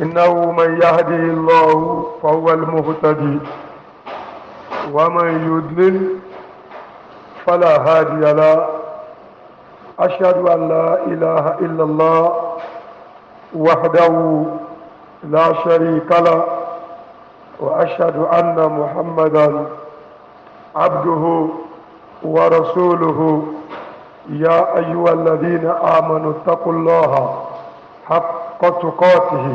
إنه من يهدي الله فهو المهتدي ومن يضلل فلا هادي لا أشهد أن لا إله إلا الله وحده لا شريك له وأشهد أن محمدا عبده ورسوله يا أيها الذين آمنوا اتقوا الله حق تقاته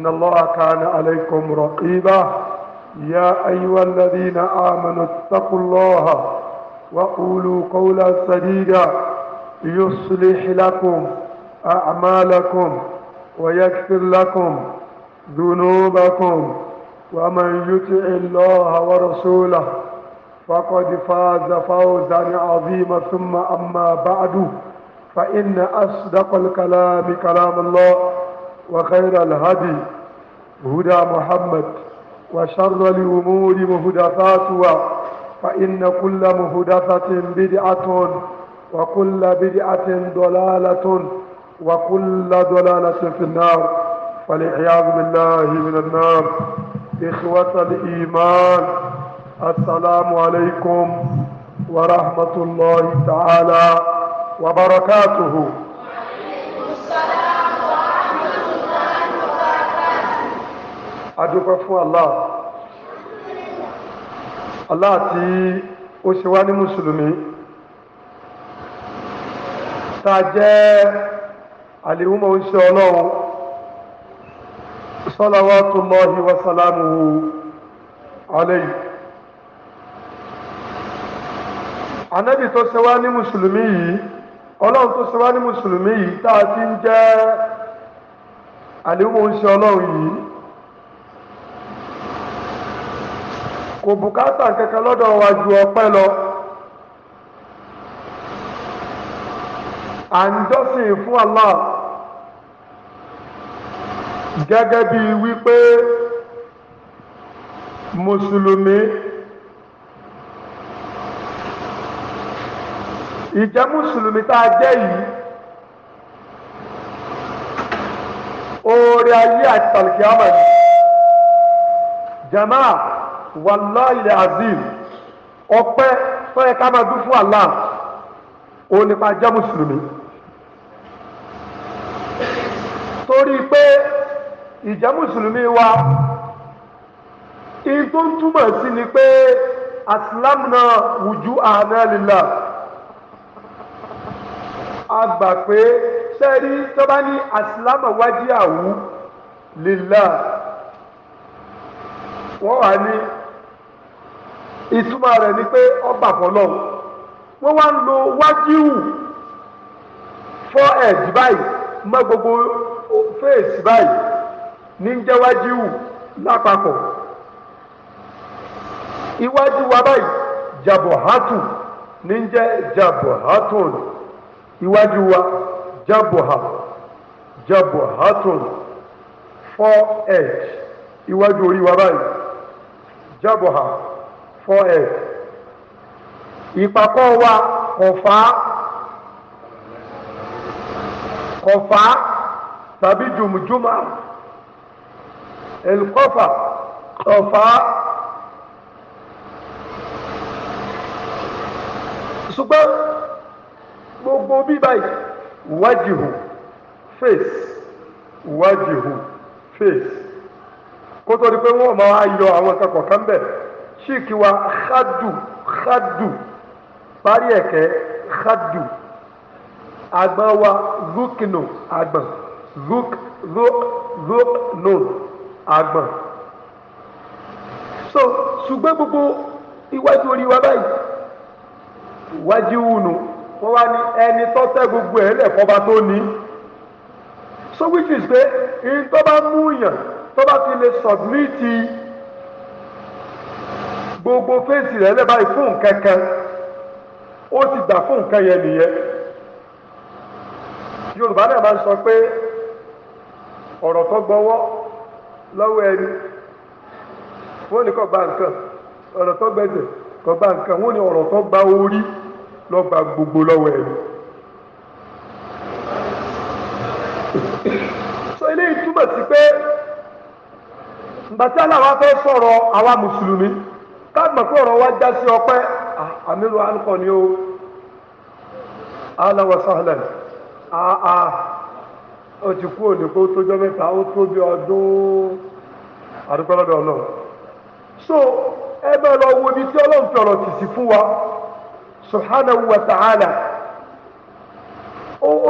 إن الله كان عليكم رقيبا يا أيها الذين آمنوا اتقوا الله وقولوا قولا سديدا يصلح لكم أعمالكم ويكفر لكم ذنوبكم ومن يطع الله ورسوله فقد فاز فوزا عظيما ثم أما بعد فإن أصدق الكلام كلام الله وخير الهدي هدى محمد وشر الأمور مهدفاتها فإن كل مهدفة بدعة وكل بدعة ضلالة وكل ضلالة في النار فالعياذ بالله من النار إخوة الإيمان السلام عليكم ورحمة الله تعالى وبركاته adúpẹ́ fún Allah Allah tí ó ṣe wá ní mùsùlùmí tá a jẹ́ àlèhùnmọ̀ oúnjẹ ọlọ́run salawatullahi wa salamuhu alayhi anábì tó ṣe wá ní mùsùlùmí yìí ọlọ́run tó ṣe wá ní mùsùlùmí yìí tá a ń jẹ́ àlèhùnmọ̀ oúnjẹ ọlọ́run yìí kò bùkátà kankan lọ́dọ̀ wa ju ọpẹ́ lọ à ń jọ́sìn fún Allah gẹ́gẹ́ bí wípé mùsùlùmí ìjẹ́ mùsùlùmí tá a jẹ́ yìí oore ayé àti tàlùkì àmàlì jàmáà wàláhì azim ọpẹ́ tó yẹ ká máa dún fún Allah òun nípa jẹ́ mùsùlùmí torí pé ìjẹ́ mùsùlùmí wa in tó ń túmọ̀ sí ni pé aslamna wujuhana lillah a gbà pé sẹ́rí tó bá ní aslam wájú àwù lillah wọ́n wà ní. ìtumọ̀ rẹ̀ ni pé ọgbà fọlọ́hùn wọ́n wá ń lo wájíwù fọ́ ẹ̀dì báyìí mọ́ gbogbo fèèsì báyìí ní jẹ́ lápapọ̀ iwájú wa báyìí jabohatu ní ń jàbọ̀ jabohatun iwájú wa fọ́ ẹ̀dì iwájú forehead ìpàkọ́ wa kọ̀fà kọ̀fà tàbí jùmùjùmà ẹ̀lùkọ́fà kọ̀fà. ṣùgbọ́n gbogbo bí báyìí wájìhù face wájìhù face kó tó di pé wọ́n máa yọ àwọn akẹ́kọ̀ọ́ kan bẹ́ẹ̀ ṣíkì wa xadu xadu parí ẹ̀kẹ́ xadu agbọ̀n wa zukinu agbọ̀n zuk zuk zuk nun agbọ̀n. so ṣùgbọ́n gbogbo iwájú orí wa báyìí wájú wùnú wọ́n wá ní ẹni tó gbogbo ẹ̀ lẹ́fọ́ba tó ní. so which is pé ìtọ́ bá mú yàn tó bá ti lè submit gbogbo fèsì rẹ̀ lẹ́ẹ̀ báyìí fún nǹkan kan ó ti gbà fún nǹkan yẹn nìyẹn yorùbá náà máa ń sọ pé ọ̀rọ̀ tó gbọ́wọ́ lọ́wọ́ ẹni wọ́n ní kò gba nǹkan ọ̀rọ̀ tó gbẹ̀jẹ̀ kò gba nǹkan wọ́n ní ọ̀rọ̀ tó gba orí lọ́ gba gbogbo lọ́wọ́ ẹni. sọ eléyìí túmọ̀ sí pé ǹgbàtí aláwa fẹ́ sọ̀rọ̀ àwa mùsùlùmí ká mọ̀ pé ọ̀rọ̀ wa já sí ọpẹ́ àmìlú alukọ ni ó aláwọ̀ sọ́ọ̀lẹ̀ àà ó ti kú òní tójọ́ mẹ́ta ó tó ọdún àdúgbò ọlọ́run so ẹ bá lọ wo ibi tí ọlọ́run fi ọ̀rọ̀ tìsí fún wa subhanahu wa ta'ala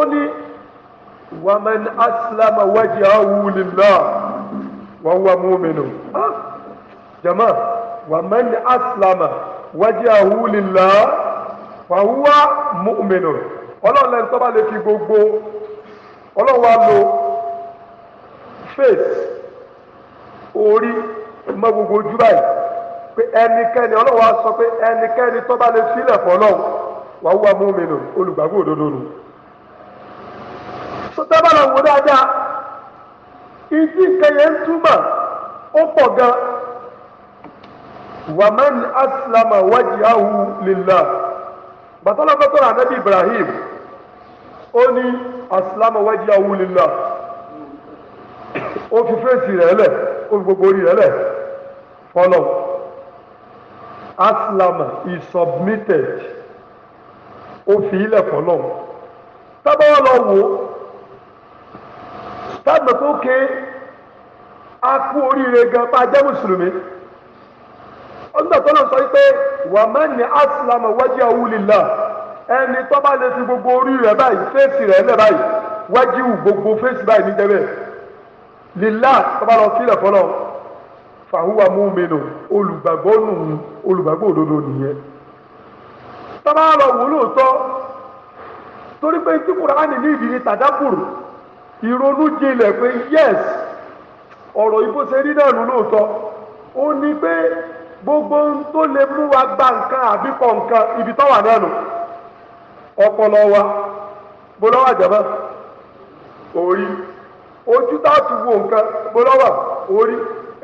ó ní waman aslama wajhahu lillah wa huwa mu'minun ah, jama. ومن أسلم وجهه لله فهو مؤمن ọlọ́run lẹ́nu tó bá lè fi gbogbo ọlọ́run wa lo faith orí mọ gbogbo ojú báyìí pé ẹnikẹ́ni ọlọ́run wa sọ pé ẹnikẹ́ni tó bá lè sílẹ̀ fọlọ́run wà wúwa mọ́mìnà olùgbàgbọ́ òdodo nù. sọtẹ́ bá lọ wò dáadáa ìdí ìkẹyẹ ń túmọ̀ ó pọ̀ gan-an wàmán aslama wajhahu lillah bàtàlà bàtàlà anabi ibrahim ó ní aslama wajhahu lillah ó fi fèsì rẹ̀ lẹ̀ ó fi gbogbo orí rẹ̀ lẹ̀ fọlọ́ aslama is submitted ó fi ilẹ̀ fọlọ́ tábàwọ̀ lọ wò tábà tó ké akú oríire gan pa jẹ́ mùsùlùmí nígbà tó lọ sọ pé wà má ní asilamu wájú awúlilá ẹni tó bá lè fi gbogbo orí rẹ̀ báyìí fèsì rẹ̀ lẹ báyìí wájú gbogbo fèsì báyìí ní jẹbẹ lílá tó bá lọ sílẹ̀ fọlọ fàhùwà múmẹnu olùgbàgbọ́ nù olùgbàgbọ́ òdodo nìyẹn tó bá lọ wò lóòótọ́ torí pé tí kùránì ní ìdí tàdákùrù ìrònú jinlẹ̀ pé yẹ́sì ọ̀rọ̀ ìbò rí náà lóòótọ́ ó ní pé gbogbo ohun tó lè mú wa gba nǹkan àbíkọ̀ nǹkan ibi tó náà nù ọpọlọ wa bọlọ́wà jẹ̀mọ́ orí ojú tá a ti wo nǹkan bọlọ́wà orí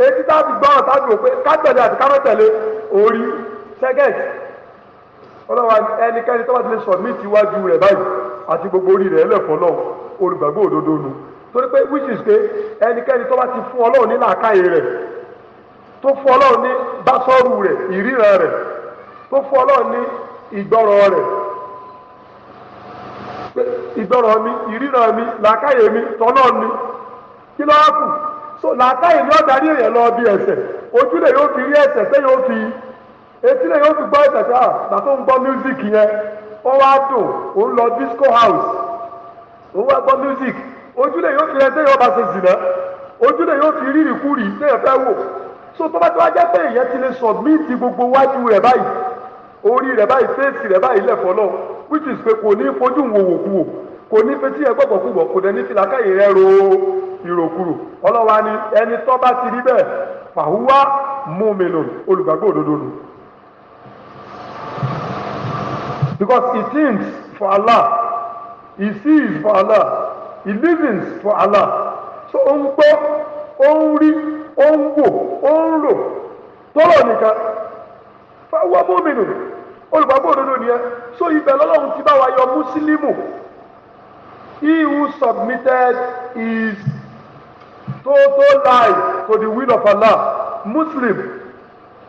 etí tá a ti gbọ́ ọ̀tá ti wò pé kátẹ̀lé àti kámẹ́tẹ̀lé orí ṣẹ́gẹ̀tì ọlọ́wà ẹnikẹ́ni tó bá ti lè submit iwájú rẹ̀ báyìí àti gbogbo orí rẹ̀ ẹlẹ́fọ́ náà olùgbàgbọ́ òdodo nu torí pé which pé ẹnikẹ́ni tó ti fún ọlọ́run ní làákàyè rẹ̀ tó fún ọlọ́run ní básọ́rù rẹ̀ ìríran rẹ̀ tó fún ọlọ́run ní ìgbọ́rọ̀ rẹ̀ ìgbọ́rọ̀ mi ìríran mi làákàyè mi tọ́lọ́ mi kí ló wá so làákàyè ni ó darí èèyàn lọ bí ẹsẹ̀ ojú lè yóò fi rí ẹsẹ̀ tẹ́ yóò fi etí lè yóò fi gbọ́ ẹsẹ̀ tá àgbà ah, ń gbọ́ music yẹn ó wá dùn òun lọ disco house òun wá gbọ́ music ojú lè yóò fi ẹ tẹ́ bá ṣe zìnà ojú lè yóò fi rí ìrìkúrì tẹ́yẹ̀ so tó bá tó wá jẹ́ pé èèyàn ti lè sọ̀bíìtì gbogbo wájú rẹ̀ báyìí orí rẹ̀ báyìí fèsì rẹ̀ báyìí lẹ̀fọ́ náà which is pé kò ní fojú wòwòkuwò kò ní fetí ẹ gbọ́gbọ́ kúgbọ́ kò dẹ̀ ní fi làákàyè rẹ̀ ro ìròkúrò ọlọ́wà ni ẹni tó bá ti rí bẹ́ẹ̀ fàhùwà múmilò olùgbàgbọ́ òdodo nù. because he thinks for Allah he sees for Allah he lives for Allah so ó ń gbọ́ ó ń rí ó ń wò ó ń rò tọ́lọ̀ nìkan fáwọn mọ́mìnì olùgbàgbọ́ òdodo nìyẹn so ibẹ̀ lọ́lọ́run ti bá wa yọ mùsílímù he who submitted his total life to the will of Allah muslim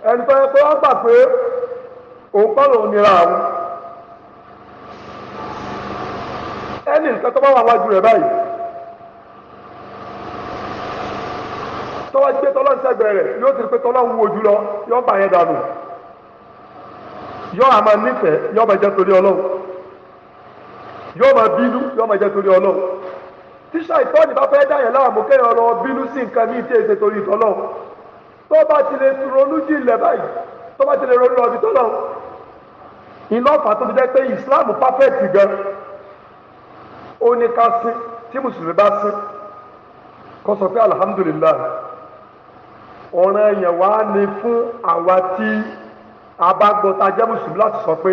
ẹni tó yẹ pé wọ́n gbà pé òun kọ́ lòun nira àwọn ẹni nǹkan tó bá wà wájú rẹ̀ báyìí. sẹ́gbẹ̀ẹ́ rẹ̀ yóò ti pé tọ́lá ń wo jù lọ yọ bá yẹn dànù yọ àmà nífẹ̀ẹ́ yọ máa jẹ́ torí ọlọ́run yọ máa bínú yọ máa jẹ́ torí ọlọ́run tíṣà ìtọ́ni bá fẹ́ dáyẹ̀ láàmú kẹ́yìn ọlọ́ bínú sí nǹkan ní ìtẹ́ ìṣe torí ìtọ́lọ́ tó bá ti lè ronú jìnlẹ̀ báyìí tó bá ti lè ronú ọbí tọ́lọ́ ìlọ́fà tó fi jẹ́ pé ìsìláàmù pàfẹ́ẹ̀tì gan ó ní ká sín tí mùsùlùmí bá sín kó sọ pé alihamudulilayi ọ̀ràn yẹn wá ní fún àwa tí a bá gbọ́ tá a jẹ́ mùsùlùmí láti sọ pé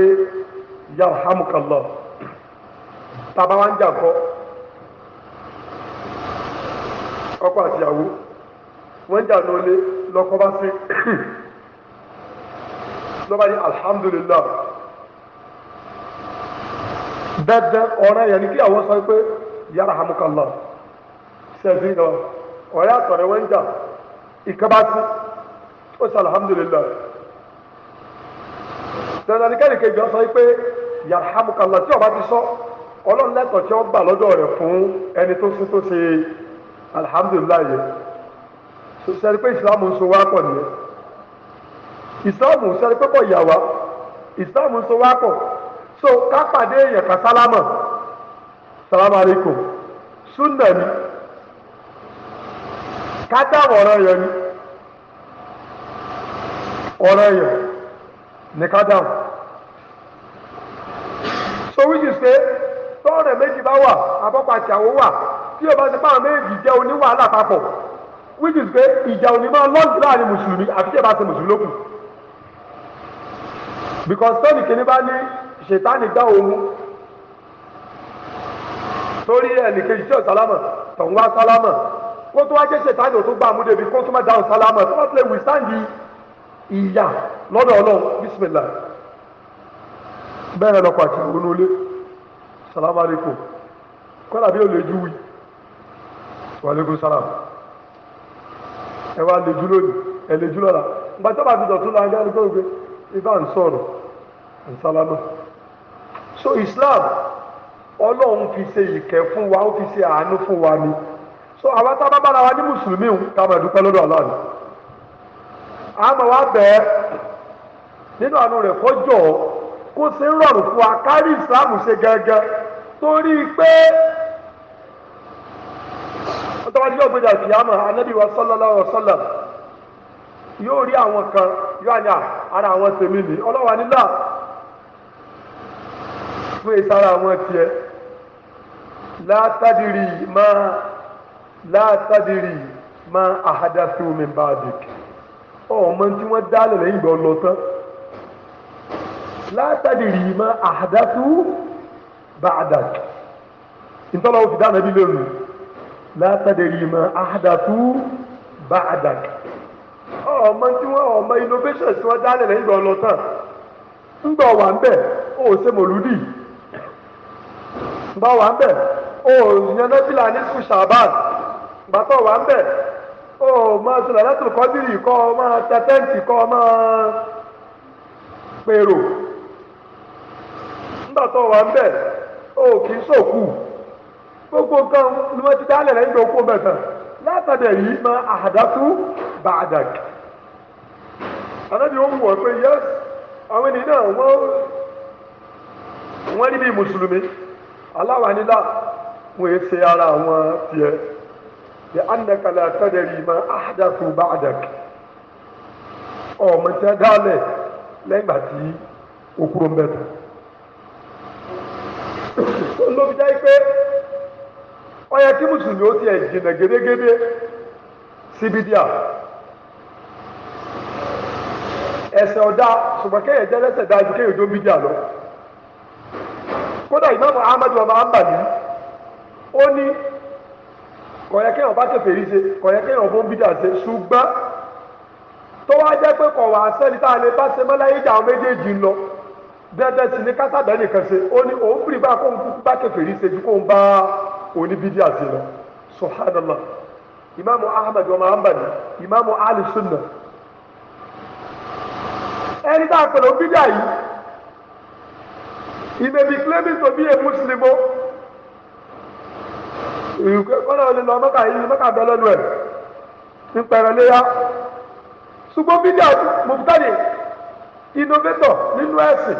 yarhamukallah tábà wá ń jà kọ́ ọkọ àtìyàwó wọ́n ń jà lọ́lé lọ́kọ́ bá sí lọ́ba ní alhamdulillah bẹ́ẹ̀ ọ̀rẹ́ yẹn ni kí àwọn sọ pé yarhamukallah ṣẹ́ẹ̀sì lọ ọ̀rẹ́ àtọ̀rẹ́ wọ́n ń jà ìkaba sí ó sọ alhamdulilayi dandan ní kẹ́lí kejì ọ sọ pé yarhamukallah tí ọba ti sọ ọlọ́run lẹ́tọ̀ tí ó gbà lọ́dọ̀ rẹ̀ fún ẹni tó sí tó ṣe alhamdulilayi yẹn sẹ́ni pé ìsìlámù ń so wá pọ̀ nìyẹn ìsìlámù sẹ́ni pé pọ̀ yà wá ìsìlámù ń so wá pọ̀ so ká pàdé èèyàn ká sálámà sálámà aleikum sunna ni kátàwọ̀ ọ̀rọ̀ yọ ni ọ̀rọ̀ yọ ní kátàwọ̀ so which is say tọ́ọ̀rẹ̀ méjì bá wà àbọ̀pàṣẹ àwọn wà tí o bá ti fáwọn méjì jẹ́ oníwàhálà papọ̀ which is pé ìjà òní máa lọ́ọ̀dù láàrin mùsùlùmí àti tí ẹ bá ti mùsùlùmí lókun because tọ́ọ̀nì kìíní bá ní ṣètánì gbá òun torí ẹnìkejì tí ò sálámà tọ̀hún wá sálámà kó tó wá jẹ́ ṣètánì òtún gbà múdé bí kó tó má da ọ̀sálámà tó wá tilẹ̀ wìsáǹdì ìyà lọ́dọ̀ ọlọ́run bísímìlà bẹ́ẹ̀ lọ́kọ̀ àti ìwọnú ilé salamu alaikum kọ́lá bí ó lè jú wí wà lẹ́gùn sálàmù ẹ wá lè jú lónìí ẹ lè jú lọ́la ìgbà tó bá ti dọ̀tún lọ ajá nípa òkè ibà ń sọ̀rọ̀ ń sálámà so Islam ọlọ́run fi ṣe ìkẹ́ fún wa ó fi ṣe àánú fún wa ni so àwọn tá a bá bára wa ní mùsùlùmí ń ká máa dúpẹ́ lọ́dọ̀ ọlọ́run àmọ́ wa bẹ́ẹ̀ nínú àánú rẹ̀ kọjọ́ kó ṣe ń rọrùn fún wa kárí ìsìláàmù ṣe gẹ́gẹ́ torí pé tọ́wájú ọ̀gbẹ́dẹ àfìyàmọ̀ anábìwá sallallahu alaihi wasallam yóò rí àwọn kan yóò àyà ara àwọn tèmi nì ọlọ́wà nílà fún ìsara àwọn tiẹ̀ látàdìrì máa látàdìrì máa àhádásí omi bàdìk ọmọ tí wọ́n dálẹ̀ lẹ́yìn ìgbà ọlọ tán látàdìrì máa àhádásí bàdàk ìtọ́lá òfin dáná bí lónìí látàdìrì máa àhádásí bàdàk ọmọ tí wọ́n ọmọ innovation tí wọ́n dálẹ̀ lẹ́yìn ìgbà ọlọ tán ńgbà wà ń bẹ̀ ó ṣe mòlúdì ńgbà wà ń bẹ̀ ó yànnà ní sùn ṣàbáàdì. gbàtọ̀ wà ń bẹ̀ ó máa sọ̀rọ̀ látò kọ́dírì kọ́ ọ máa ta tẹ́ǹtì kọ́ ọ máa pèrò nígbàtọ̀ wà ń bẹ̀ ó kì í sòkù gbogbo nǹkan ni wọ́n ti dálẹ̀ lẹ́yìn tó kó bẹ̀tàn látàdẹ̀ yìí máa anábì ó wù ọ pé àwọn ènìyàn náà wọ́n wọ́n rí mùsùlùmí aláwa nílà ara àwọn tiẹ̀. لأنك لا تدري ما أحدثوا بعدك ọmọ tí a dálẹ̀ lẹ́yìn ìgbà tí okúrò ń bẹ̀ tán. tó ló fi jáde pé ó yẹ kí mùsùlùmí ó tiẹ̀ jìnnà gédégédé síbi díà ẹsẹ̀ ọ̀dá ṣùgbọ́n kéèyàn jẹ́ lẹ́sẹ̀ dájú kéèyàn tó bí díà lọ. kódà ìmáàmù ahmadu ọba ambali ó ní kọ̀yẹ́ kéèyàn bá kẹfẹ́ rí ṣe kọ̀yẹ́ kéèyàn bó ń bídà ṣe ṣùgbọ́n tó wá jẹ́ pé kọ̀ wá sẹ́ni tá a lè bá ṣe mọ́láyé jà àwọn méjèèjì lọ dẹ́dẹ́ sí ni kásàdá nìkan ṣe ó ní òun pìrì bá kóun bá kẹfẹ́ rí ṣe ju kóun bá oníbídà ṣe lọ subhanallah imaamu ahmed wa muhammad imaamu ali sunna ẹni tá a pẹ̀lú bídà yìí he may be claiming to be a muslim o. ìkọ́nà olè lọ mọ́kà yìí mọ́kà bẹ lọ́nu ẹ̀ ń pẹ̀rẹ̀ léyà ṣùgbọ́n bídíà mọ̀tàdì innovator nínú ẹ̀sìn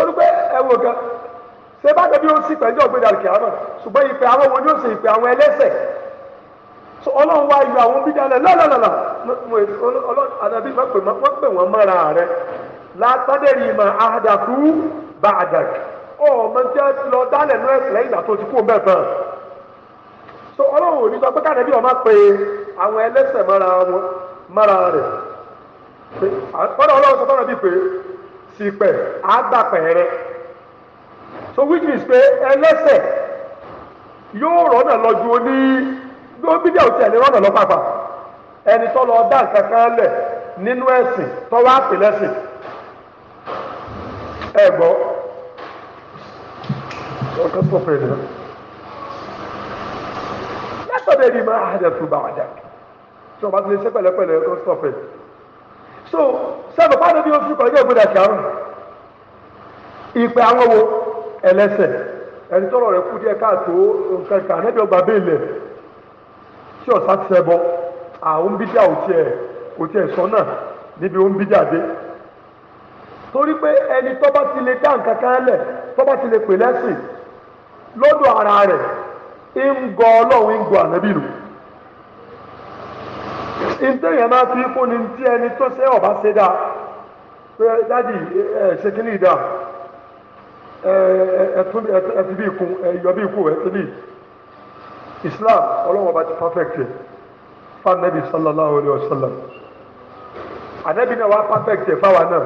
olùgbé ẹ̀wò gan ṣé bá dẹbi ó sì pẹ̀lú ọ̀gbẹ́dẹ ṣùgbọ́n ìpè àwọn ìpè àwọn ẹlẹ́sẹ̀ ọlọ́run wá àwọn lọ́lọ́lọ́lọ́ àdàbí pè mọ́ra rẹ ìmọ̀ àdàkú bá àdàkú. ọmọ tí ti lọ dálẹ̀ ní ẹ̀sìn ìgbà tó ti kú ọmọ ẹ̀ so ọlọ́run ò sọ pé káàdé bí ọmọ pé àwọn ẹlẹ́sẹ̀ mara wọn rẹ̀ ọ̀dọ̀ ọlọ́run sọ fọ́nà bíi pé sípẹ̀ àgbàpẹ̀ so which means pé yóò rọ́nà lọ ju oní òtí lọ pàpà ẹni tó lọ dá nǹkan kan lẹ nínú tó wá pè nǹkan tó fẹ́ nìyẹn. látọ̀dọ̀ ẹni máa hàjà tó bá wà jáde tí so sẹ́nu pàdé bí o fi kọjá ìgbéra kàrún ìpè àwọn wo ẹlẹ́sẹ̀ ẹni tọrọ rẹ kú díẹ̀ káàtó nǹkan kan ẹni ọgbà bẹ́ẹ̀lẹ̀ tí ọ̀sá ti ṣẹ bọ àwọn bídíà ò tiẹ̀ kò tiẹ̀ sọ náà níbi ó ń bídíà dé torí pé ẹni tó bá ti lè dá nǹkan kan lẹ̀ tó bá ti lè pè lẹ́sìn lọ́dọ̀ ara rẹ̀ ń gọ ọlọ́run ń gọ ànábì nù ìtẹ̀yẹ̀ máa fi fún ni tí ẹni tó ṣe ṣe dáa pé ẹ ṣe kíní ìdá ẹ ikun ẹ yọ bí Islam ọlọ́run ọba ti perfect ẹ̀ fún ànábì sallallahu alayhi wa sallam ànábì náà wá perfect ẹ̀ fáwa náà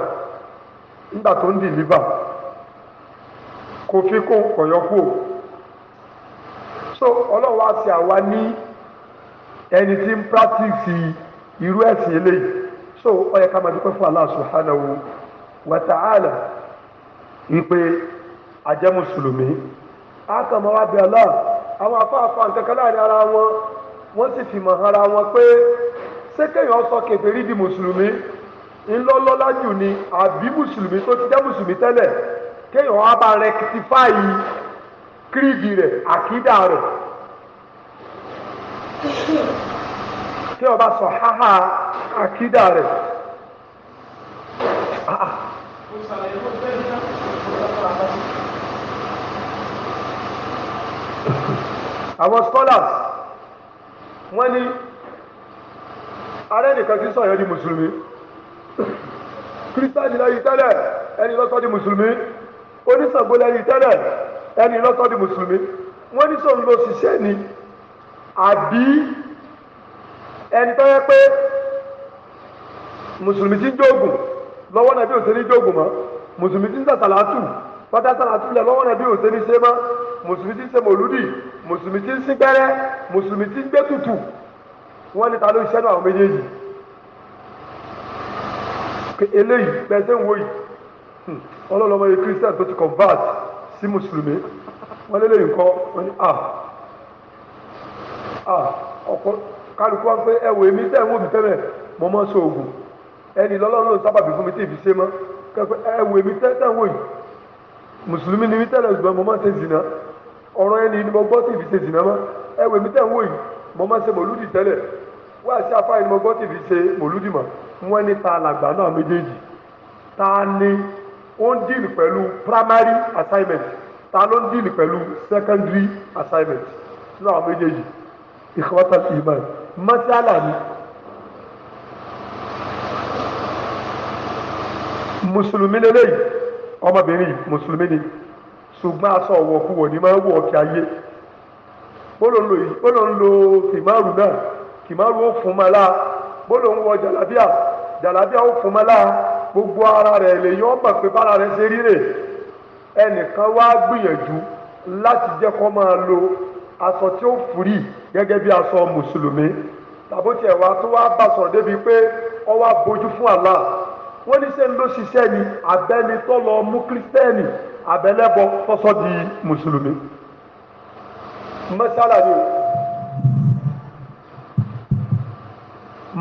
nígbà tó ń deliver kò fi kọ̀yọ́ so ọlọ́run wá sí àwa ní ẹni tí ń practice irú ẹ̀sìn eléyìí so ó ká máa dúpẹ́ fún weta ala wa ta'ala wípé ajẹ́ mùsùlùmí àtọ̀mọ́ wa bẹ̀ Allah àwọn afáàfà nǹkan láàrin ara wọn wọ́n sì fìmọ̀ ara wọn pé ṣé kéèyàn sọ kèfèrí di mùsùlùmí ńlọ́lọ́lá jù ni àbí mùsùlùmí tó ti jẹ́ mùsùlùmí tẹ́lẹ̀ kírìdì rẹ̀ àkídà rẹ̀ tí ọba sọ háhá àkídà rẹ̀ àwọn scholars wọ́n ní arẹ́ nìkan tí sọ̀yọ́ di mùsùlùmí kírísítà ní lẹ́yìn tẹ́lẹ̀ ẹni lọ́sọ́ di mùsùlùmí oníṣàgbó lẹ́yìn tẹ́lẹ̀ ẹni lọ́tọ́ di mùsùlùmí wọ́n ní sóun ló ṣiṣẹ́ ni àbí ẹni tó yẹ pé mùsùlùmí ti ń jóògùn lọ́wọ́ náà bí òṣèré jóògùn mọ́ mùsùlùmí ti ń sàtàlátù pátá sàtàlátù lẹ̀ lọ́wọ́ náà bí òṣèré ṣe mọ́ mùsùlùmí ti ń ṣe mòlúdì mùsùlùmí ti ń sígbẹ́rẹ́ mùsùlùmí ti ń gbé tutù wọ́n ní ta ló ṣiṣẹ́ náà àwọn méjèèjì eléyìí pẹ̀sẹ̀ ń wò yìí ọlọ́lọ́mọ yìí kírísítẹ̀ tó si mùsùlùmí wọ́n lé lẹ́yìn kọ́ wọ́n ní à à ọ̀pọ̀ kálukú pé wò mí mo mọ́ sọ òògùn ẹni lọ́lọ́run ló fún mi tí ni mi tẹ́lẹ̀ mo máa ń ṣe zìnà ọ̀rọ̀ ẹni ni mo gbọ́ tí ìfi ṣe zìnà mọ ẹ̀wọ̀ èmi tẹ́ ń wò yìí mo máa ta làgbà náà méjèèjì ta ó ń díìlì pẹ̀lú primary assignment ta ló ń díìlì pẹ̀lú secondary assignment nínú àwọn méjèèjì ìkọ́tà ìmọ̀ mọ́sálà ni mùsùlùmí lélẹ́yìí ọmọbìnrin yìí mùsùlùmí ni ṣùgbọ́n aṣọ ọ̀wọ̀kúwọ̀ ni máa ń wọ̀ ọ̀kẹ́ ayé bóló ń lo kìmáàrù náà kìmáàrù ó fún ma láà bóló ń wọ jàlábíà jàlábíà ó fún ma láà gbogbo ara rẹ̀ lèyìn ọmọ pé bára rẹ̀ ṣe ríre ẹnìkan wá gbìyànjú láti jẹ́ kó máa lo aṣọ tí ó fúri gẹ́gẹ́ bí aṣọ mùsùlùmí tàbó tiẹ̀ wá tó wá bá sọ̀rọ̀ débi pé ó wá bojú fún Allah wọ́n ní sẹ́ni ló ṣiṣẹ́ ni abẹ́ni tó lọ mú kírísítẹ́nì abẹ́lẹ́bọ tọ́sọ́ di mùsùlùmí mọ́sálà ni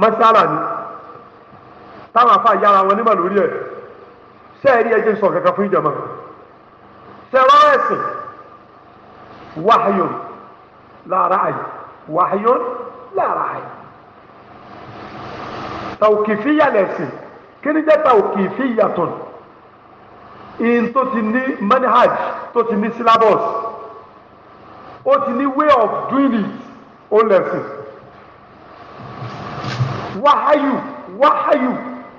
mọ́sálà ni táwọn afa yára wọn nímọ̀ lórí ẹ̀ ṣé ẹ rí ẹ jẹ́ sọ kankan fún ìjọba ṣe rọ ẹ̀sìn wáhayọ lára àyè wáhayọ lára àyè tàwùkìfíyà lẹ̀sìn kí ni jẹ́ tàwùkìfíyà tún in tó ti ní manhaj tó ti ní syllabus ó ti ní way of doing it ó lẹ̀sìn wáhayù wáhayù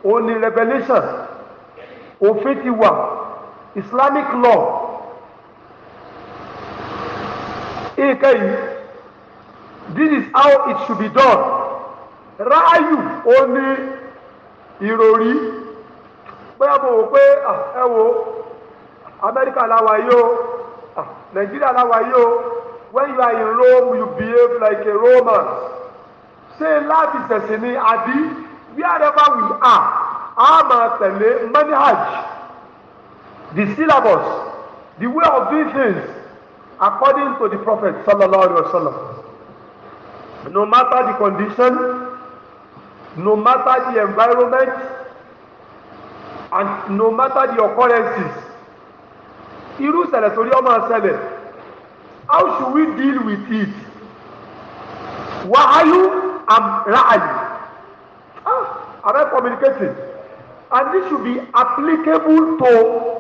òun ni revelation òfin ti wà islamic law nǹkan yìí this is how it should be done ráàyù òun ni ìròrí bóyá mo wò pé ẹ wo amẹ́ríkà làwà yìí o nàìjíríà làwà yìí o when you are in Rome you behave like a Roman Say life is a ni àbí wherever we are a máa tẹ̀lé manhaj the syllabus the way of doing things according to the prophet sallallahu alayhi wasallam. no matter the condition no matter the environment and no matter the occurrences irú ìṣẹ̀lẹ̀ torí ọmọ ṣẹlẹ̀ how should we deal with it wàhálù and ràhálù am I communicating? And this should be applicable to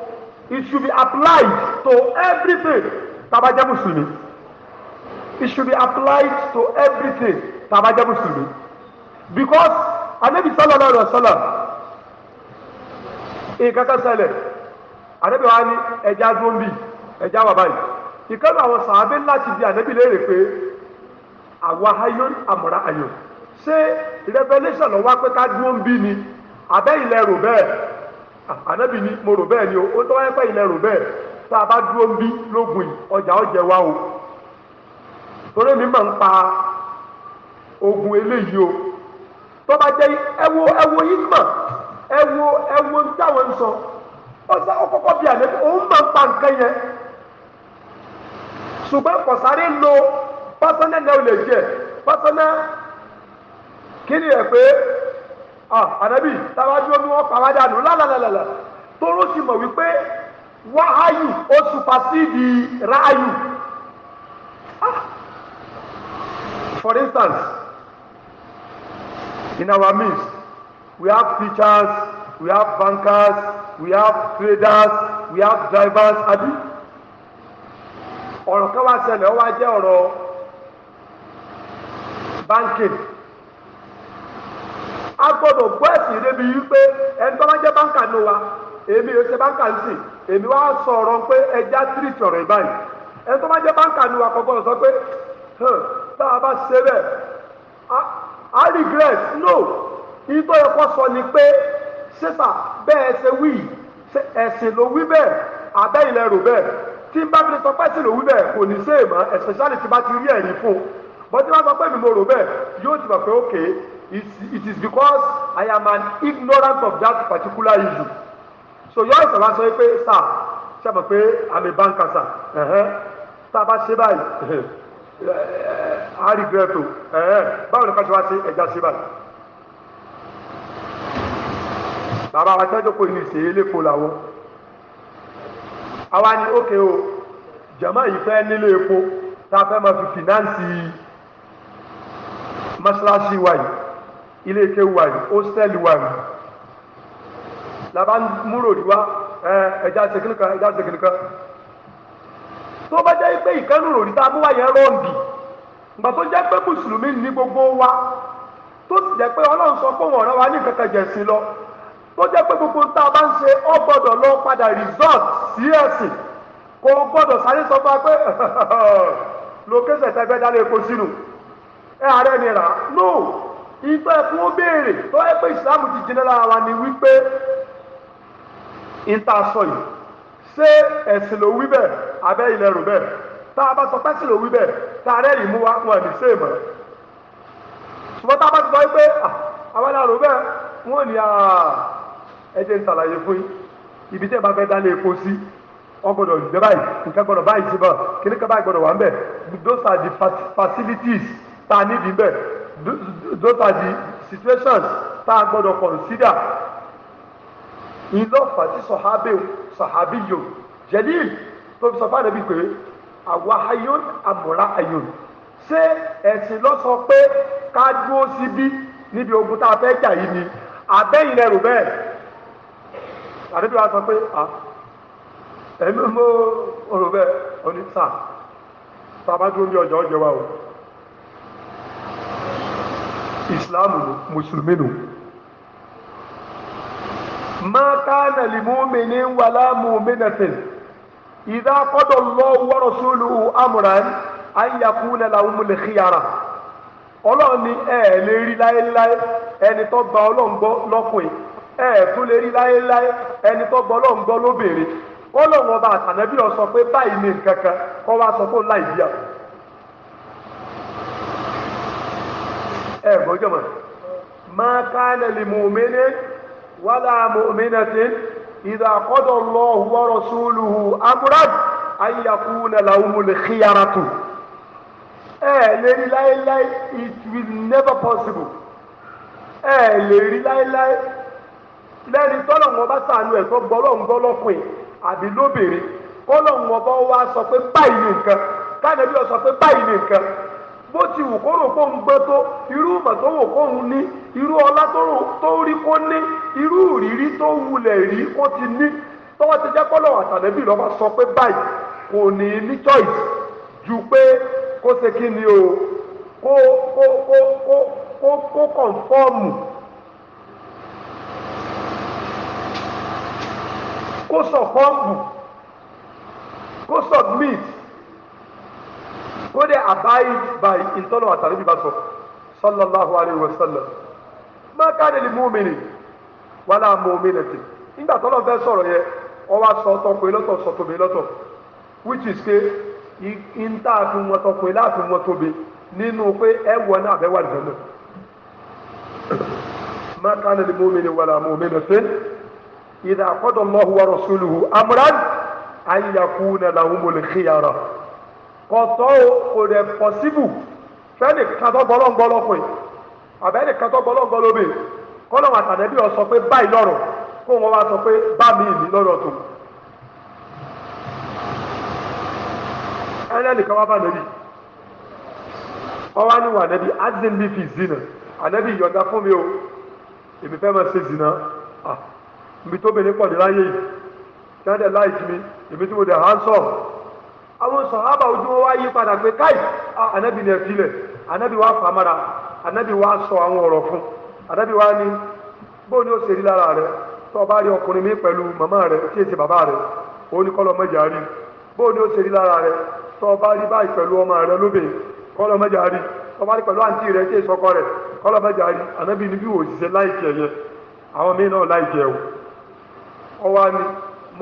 it should be applied to everything taba jẹ́ mùsùlùmí it should be applied to everything taba jẹ́ mùsùlùmí because anabi sallallahu alayhi wa sallam nǹkan kan ṣẹlẹ̀ anabi wa ni ẹja zombi ẹja wà báyìí ìkànnì àwọn sàábé láti di anabi léèrè pé àwa ayọ̀ àmọ̀ra ayọ̀. ṣé revelation lọ wá pé ká dúró ń bí ni àbẹ́yìn ilẹ̀ rò bẹ́ẹ̀ ànábì ni mo rò bẹ́ẹ̀ ni o ó tọ́ ẹ pẹ́yìn lẹ rò bẹ́ẹ̀ tá a bá dúró ń bí lógun yìí ọjà ọjẹ wa o torí mi máa ń pa ogun eléyìí o tó bá jẹ́ ẹ wo ẹ wo yìí mọ̀ ẹ wo ẹ táwọn ń sọ ọ̀sẹ̀ ọkọ̀kọ̀ bíi àlẹ́ òun máa ń pa nǹkan yẹn ṣùgbọ́n kọ̀sáré lo personal knowledge yẹ personal. kí ni ẹ̀ pé ànábì táwa dúró ni wọ́n pàwá dànù lálàlàlà tóró ti mọ̀ wípé wáhayù ó supasíìdì ráàyù. For instance, in our midst, we have teachers, we have bankers, we have traders, we have drivers, abi. ọ̀rọ̀ kan wá ṣẹlẹ̀ ó wá jẹ́ ọ̀rọ̀ banking a gbọ́dọ̀ gbọ́ ẹ̀sìn rẹ bí wípé ẹni tó bá jẹ́ báńkà ní wa èmi ò ṣe báńkà ń sìn èmi wá sọ̀rọ̀ pé ẹja tírìtì ọ̀rọ̀ ẹ̀ báyìí ẹni tó bá jẹ́ báńkà ní wa kọ́kọ́ sọ pé tá a bá ṣe bẹ́ẹ̀ a regret no ìtọ́ ẹ̀kọ́ sọ ni pé sísà bẹ́ẹ̀ ṣe wí ẹ̀sìn ló wí bẹ́ẹ̀ àbẹ́yìn lẹ́rù bẹ́ẹ̀ tí n bá fi sọ pé ẹ̀sìn ló wí bẹ́ẹ̀ kò ní sí èèmọ̀ especially tí bá ti rí ẹ̀rí fún bọ́tí wọ́n sọ pé mi mo rò bẹ́ẹ̀ yóò ti mọ̀ pé ókè it is because I am an ignorant of that particular issue so yọ ọ̀sán wa sọ pé sir ṣe mọ̀ pé I'm a banker sir tá a bá ṣe báyìí a regret o báwo ni ká ṣe wá sí ẹja ṣe báyìí bàbá wa tẹ́jọ́ pé ní ìṣe eléko làwọn àwa ni ókè o jama yìí fẹ́ nílò epo tá a fẹ́ máa fi fìnáǹsì mọ́ṣáláṣí wa ilé iṣẹ́ wà ní hostel wà ní làbá múrò rí wá ẹja ṣe kìnnì kan ẹja ṣe kìnnì kan tó bá jẹ́ pé ìkànnì rò rí tá a mú wá yẹn rọ́ǹdì ìgbà tó jẹ́ pé mùsùlùmí ní gbogbo wa tó sì jẹ́ pé ọlọ́run sọ pé wọ́n rán wa ní kankan jẹ̀sìn lọ tó jẹ́ pé gbogbo tá a bá ń ṣe ó gbọ́dọ̀ lọ padà result sí ẹ̀sìn kò gbọ́dọ̀ sáré sọ fún wa pé location tẹ́gbẹ́ dálé epo sínú ẹ̀ ààrẹ ni rà no ìgbà fún ó béèrè tó ẹ pé ìsìláàmù ti jìnnà lára wa ni wípé ìta sọ yìí ṣé ẹ̀sìn ló wí bẹ́ẹ̀ abẹ́ ilẹ̀ rò bẹ́ẹ̀ tá a bá sọ pẹ́sìn ló wí bẹ́ẹ̀ tá a rẹ́rìí mú wa wọn ní ṣe mọ́ ṣùgbọ́n tá a bá ti sọ wípé àwọn ẹ̀dá rò bẹ́ẹ̀ wọn ò ní ẹ jẹ́ n ṣàlàyé fún yín ibi tẹ́ ẹ bá fẹ́ dálé epo sí ọgbọ́dọ̀ ìjọba báyìí nǹkan gbọ́dọ̀ báyìí sí bọ kíníkan báyìí gbọ́dọ̀ wà ń bẹ those are the facilities tá a níbi bẹ́ẹ̀ those are the situations tá a gbọ́dọ̀ consider ìlọ́fà tí sọ̀hábì sọ̀hábì yòó jẹ́líl tó fi sọ fún àdébí pé àwa ayón àmúra ayón ṣé ẹ̀sìn lọ sọ pé ká dúró síbí níbi ogun tá a fẹ́ jà yìí ni àbẹ́yìn lẹ́rù bẹ́ẹ̀ àdébí wa sọ pé ẹ̀mí mo rò bẹ́ẹ̀ oní sáà tá a bá dúró ní ọjọ́ ọjọ́ wa o. ìsìláàmù mùsùlùmí nù. ma kana li mu'minin wala mu'minatin idha qada Allahu wa rasuluhu amran an yakuna lahumul khiyara ọlọ́run ni ẹ ẹ lè rí láéláé ẹni tó gba ọlọ́run gbọ́ lọ́kùnrin ẹ ẹ tún lè rí láéláé ẹni tó gba ọlọ́run gbọ́ lóbìnrin ọlọ́run ọba àtànẹ́bí ó sọ pé báyìí ni nǹkan kan kọ́ wá sọ fún láì bíyà. ẹ gbọ́jọ́ mọ̀ máa káàlẹ̀ lè mùmínì wàlá mùmínàtì ìdá qada Allahu wa rasuluhu amúrán ayyakuna lahumul khiyaratu ẹ lè rí it will never possible ẹ lè rí láéláé lẹ́ni tọ́lọ̀ wọn bá sànú ẹ̀ tó gbọ́ lọ́n gbọ́ lọ́kùnrin àbí lóbìnrin kọ́lọ̀ wọn bá wá sọ pé báyìí nìkan káàdébí ọ sọ pé báyìí nìkan bó ti wù kó rò kóun gbọ́ tó irú ìmọ̀ tó wò kóun ní irú ọlá tó rí kó ní irú ìrírí tó wulẹ̀ rí kó ti ní tọ́wọ́ ti jẹ́ kọ́lọ̀ àtàlẹ́bí lọ́ba sọ pé báyìí kò ní ní choice ju pé kó ṣe kí ni o kó kó kó kó kó kó kọ̀ǹfọ́ọ̀mù kó sọ fọ́ọ̀mù kó submit ó dẹ̀ abide by ìtọ́nà àtàlẹ́ bíbá sọ sallallahu alayhi wa sallam má káàdì lè mu'minin wala mu'minatin nígbà tọ́lọ́ fẹ́ sọ̀rọ̀ yẹ ọ wá sọ tọkùnrin lọ́tọ̀ sọ tóbi lọ́tọ̀ which is pé ìta àfi wọn tọkùnrin láàfi wọn tóbi nínú pé ẹ wọ náà àbẹ́wà nìyẹn náà má káàdì lè mu'minin wala mu'minatin idha qada Allahu wa rasuluhu amran an yakuna lahumul khiyara kọ̀tọ́ o kò rẹ̀ pọ̀síbù fẹ́ẹ́nì kan tó gbọ́lọ́ngbọ́lọ́ fún yìí àbẹ́ẹ́nì kan tó gbọ́lọ́ngbọ́lọ́ bẹ̀ kọ́lọ́wọ́n àtàdébí ọ̀ sọ pé báyìí lọ́rọ̀ kó wọn wá sọ pé bá mi ìlú lọ́rọ̀ tó. ẹnlẹ́ nìkan wá bá nàbí ọwọ́ ni wà nàbí azimbi fi zina ànàbí yọ̀dá fún mi o èmi fẹ́ máa ṣe zina ah nbi tóbi ní pọ̀ dé láyé yìí kí wọ́n dẹ̀ láì jí mi èmi tí mo dẹ̀ handsome. àwọn sàhábà haba wọn wá yí padà pé káì ànábì ní ẹ̀fílẹ̀ ànábì wa fàmàrà ànábì wa sọ àwọn ọ̀rọ̀ fún ànábì ní bó ni ó ṣe rí lára rẹ tó o rí ọkùnrin mi pẹ̀lú màmá rẹ tí èsì bàbá rẹ òun ni kọ́lọ́ mẹ́jà rí bó ni ó ṣe rí o rí báyìí pẹ̀lú ọmọ rẹ lóbìnrin kọ́lọ́ mẹ́jà rí tó o rí pẹ̀lú àǹtí rẹ tí èsì rẹ kọ́lọ́ mẹ́jà rí ànábì ni bí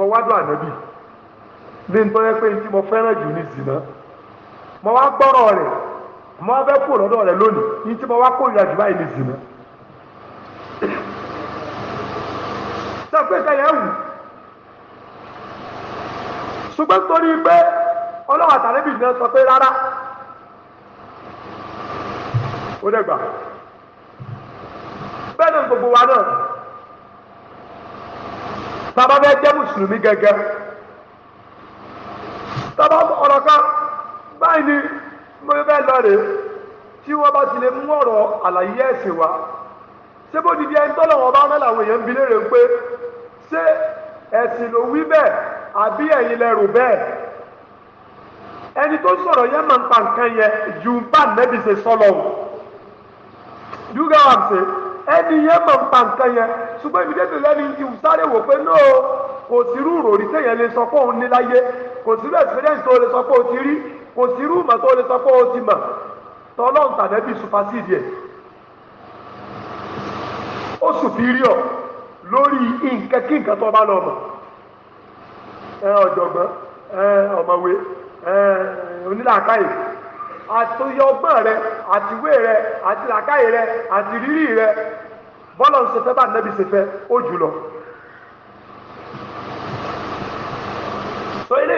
wò ní nítorí pé tí mo fẹ́ràn jù ní zìnà mo wá gbọ́rọ̀ rẹ̀ mo wá fẹ́ kó lọ́dọ̀ rẹ̀ lónìí ní tí mo wá kó ìrìnàjò báyìí ní zìnà. sọ́kpẹ́sẹ̀ yẹn wù ṣùgbọ́n torí pé ọlọ́wà tàbí ìdílé sọ pé rárá ó dẹ́gbà bẹ́ẹ̀ ni gbogbo wa náà bàbá bẹ́ẹ̀ jẹ́ mùsùlùmí gẹ́gẹ́ bàbá ọ̀rọ̀ kan báyìí ni mo fẹ́ lọ rèé tí wọ́n bá ti lè mú ọ̀rọ̀ àlàyé ẹ̀sìn wá ṣé bó di di ẹni tọ́lọ̀ wọn bá rán làwọn èèyàn ń bi léèrè pé ṣé ẹ̀sìn ló wí bẹ́ẹ̀ àbí ẹ̀yin lẹ́rù bẹ́ẹ̀ ẹni tó sọ̀rọ̀ yẹn máa ń pa nǹkan yẹn ju bá nẹ́bí ṣe sọ́lọ̀ o you get what I'm saying ẹni yẹn máa ń pa nǹkan yẹn ṣùgbọ́n ìbílẹ̀ kò sírú ròrí téèyàn lè sọ pé òun ní láyé kò sírú experience tó lè sọ pé o ti rí kò sírú ìmọ̀ tó lè sọ pé o ti mọ̀ tọ́lọ́n tàbẹ́bí supersede ẹ̀ ó superior lórí nǹkan kí nǹkan tó bá lọ mọ̀ ẹ ọ̀jọ̀gbọ́n ẹ ọ̀mọ̀wé ẹ onílàákàyè àtúnyọgbọ́n rẹ àtiwé rẹ àtìlàákàyè rẹ àtìrírí rẹ bọ́lọ̀ ń ṣe fẹ́ bá nẹ́bí ṣe fẹ́ ó jùlọ.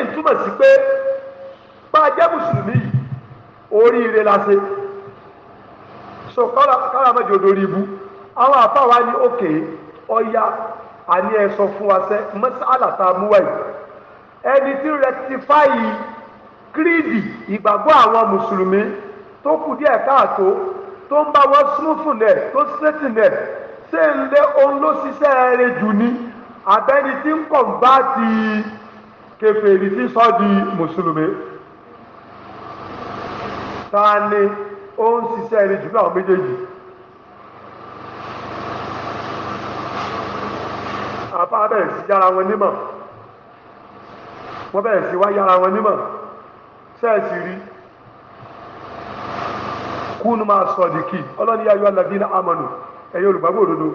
eléyìí túmọ̀ sí pé bá a jẹ́ mùsùlùmí yìí oríire la ṣe so kára mẹ́jọ lórí ibu àwọn àfáwa ní òkè ọya àní ẹ sọ fún wa sẹ mọ́sálà tá a mú wáyé ẹni tí rẹtifáyì kírìdì ìgbàgbọ́ àwọn mùsùlùmí tó kù díẹ̀ káàtó tó ń bá wọn súnmùfù nẹ̀ tó ṣètì nẹ̀ ṣé ń lé òun ló ṣiṣẹ́ rẹ̀ jù ní abẹ́ni tí ń kọ̀ ń bá ti kèfèrí tí sọ di mùsùlùmí ta ni ó ń ṣiṣẹ́ rí jù náà méjèèjì àbá bẹ̀rẹ̀ sí yára wọn nímọ̀ wọ́n bẹ̀rẹ̀ sí wá yára wọn nímọ̀ sẹ́ẹ̀sì rí kúnú máa sọ dìkì ọlọ́ni ayọ́ alábí ní amọ̀nù ẹ̀yẹ olùgbàgbọ́ òdodo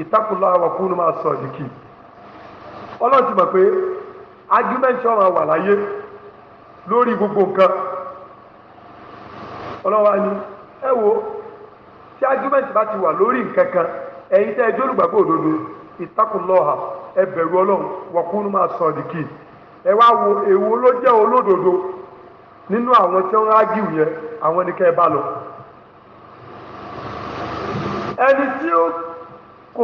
ìtakùnlọ́wọ́ kúnú máa sọ dìkì ọlọ́run ti mọ̀ pé argument ma wà láyé lórí gbogbo nǹkan ọlọ́wà ni ẹ tí argument bá ti wà lórí nǹkan kan tẹ́ ẹ olùgbàgbọ́ òdodo ìtakùnlọ́hà ẹ ọlọ́run máa sọ ẹ wá wo èwo ló jẹ́ nínú àwọn tí wọ́n yẹn àwọn ni ẹ bá lọ ẹni tí ó kò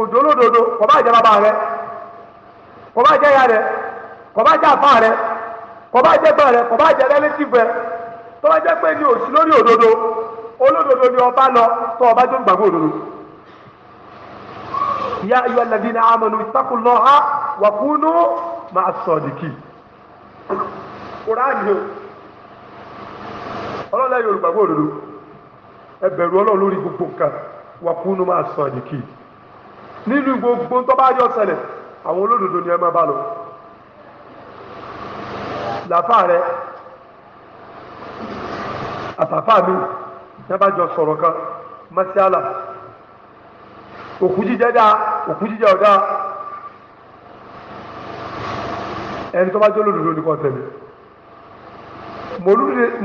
bá jẹ́ bàbá rẹ bá jẹ́ ya rẹ. kọba bá jẹ́ rẹ kọba bá jẹ́ rẹ kò bá jẹ́ rẹ tọba bá pé ní òsì lórí òdodo olódodo ni ọba lọ tọ ọba tó ń òdodo. ya ayyuha alladhina amanu ittaqullaha wa kunu ma'as sadiqin. kúránì o ọlọ́lá yóò gbàgbọ́ òdodo ẹ ọlọ́run lórí gbogbo nǹkan nínú gbogbo tó yọ àwọn ni ẹ máa bá làáfà rẹ àtàfà mi níbàjọ sọ̀rọ̀ kan masiala òkú jíjẹ dáa òkú jíjẹ ọ̀dá ẹni tó bá jẹ́ olódodo nìkan tẹ̀lé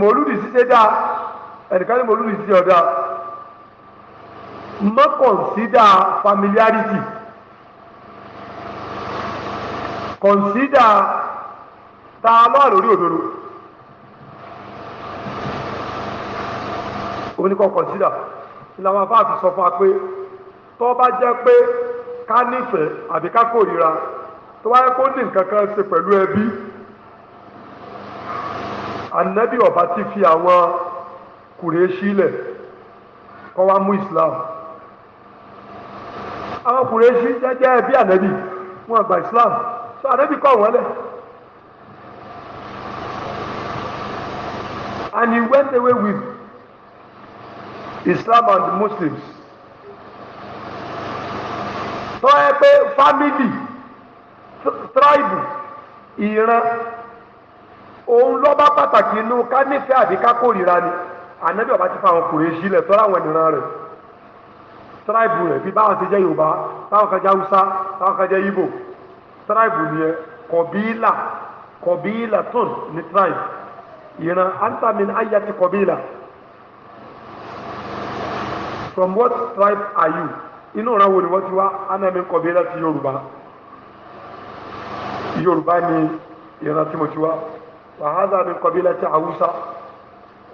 mòlúdì ṣiṣẹ́ dáa ẹnìkan ní mòlúdì ṣiṣẹ́ ọ̀dá má kọ̀nsídà familiarity kọ̀nsídà ta lọ́wọ́ o òdodo oníkọ́ kọ̀nsídà ìlànà afáàfin sọ fún wa pé tó bá jẹ́ pé ká nífẹ̀ẹ́ àbí ká kórìíra tó wáyé kó ní nǹkan kan ṣe pẹ̀lú ẹbí ànábì ọba ti fi àwọn kùrẹ́ṣí lẹ̀ kọ́ wá mú Islam àwọn kùrẹ́ṣí jẹ́jẹ́ ẹbí ànábì wọn gba Islam so ànábì kọ̀ wọ́n lẹ̀ And he went away with Islam and Muslims. So yẹ pé family tribe ìran òun lọ́ba pàtàkì inú ká nífẹ̀ẹ́ àbí ká kórìíra ni ànábì ọba ti fa àwọn kòrè sílẹ̀ tọ́lá àwọn ènìyàn rẹ̀ tribe rẹ̀ bí báwọn ti jẹ́ Yorùbá táwọn kan jẹ́ Haúsá táwọn kan jẹ́ Igbo tribe nìyẹn kọ̀bíìlà kọ̀bíìlà tún ní tribe ìran anta min ayati qabila from what tribe are you inú ìran wo ni wọ́n ti wá ana min qabila ti yorùbá yorùbá ni ìran tí mo ti wá wàhálà min qabila ti haúsá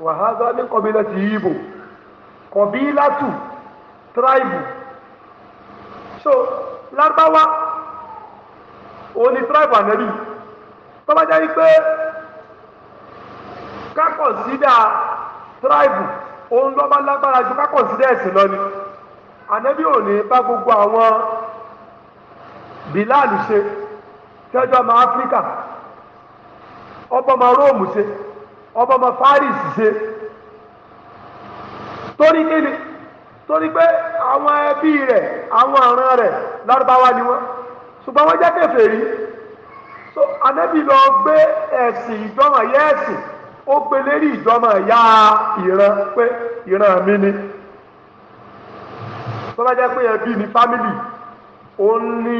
wàhálà min qabila ti yíbo qabila tu tribe so lárúbáwá òun ni tribe ànábì tó bá jẹ́ pé ká kọ̀nsídà tíráìbù òun lọ́ba lágbára ju ká kọ̀nsídà ẹ̀sìn lọ ni ànábì ò ní bá gbogbo àwọn bilal ṣe tẹjọ ọmọ áfíríkà ọba ọmọ róòmù ṣe ọba ọmọ Paris ṣe torí kíni torí pé àwọn ẹbí rẹ̀ àwọn ọ̀ràn rẹ̀ lárúbáwá ni wọ́n ṣùgbọ́n wọ́n jẹ́ kèfèrí so ànábì lọ gbé ẹ̀sìn ìjọba yẹ́sìn. ó gbé lérí ìjọmọ ìyá ìran pé ìran mi ni tó bá jẹ́ pé ẹbí ni fámìlì òun ni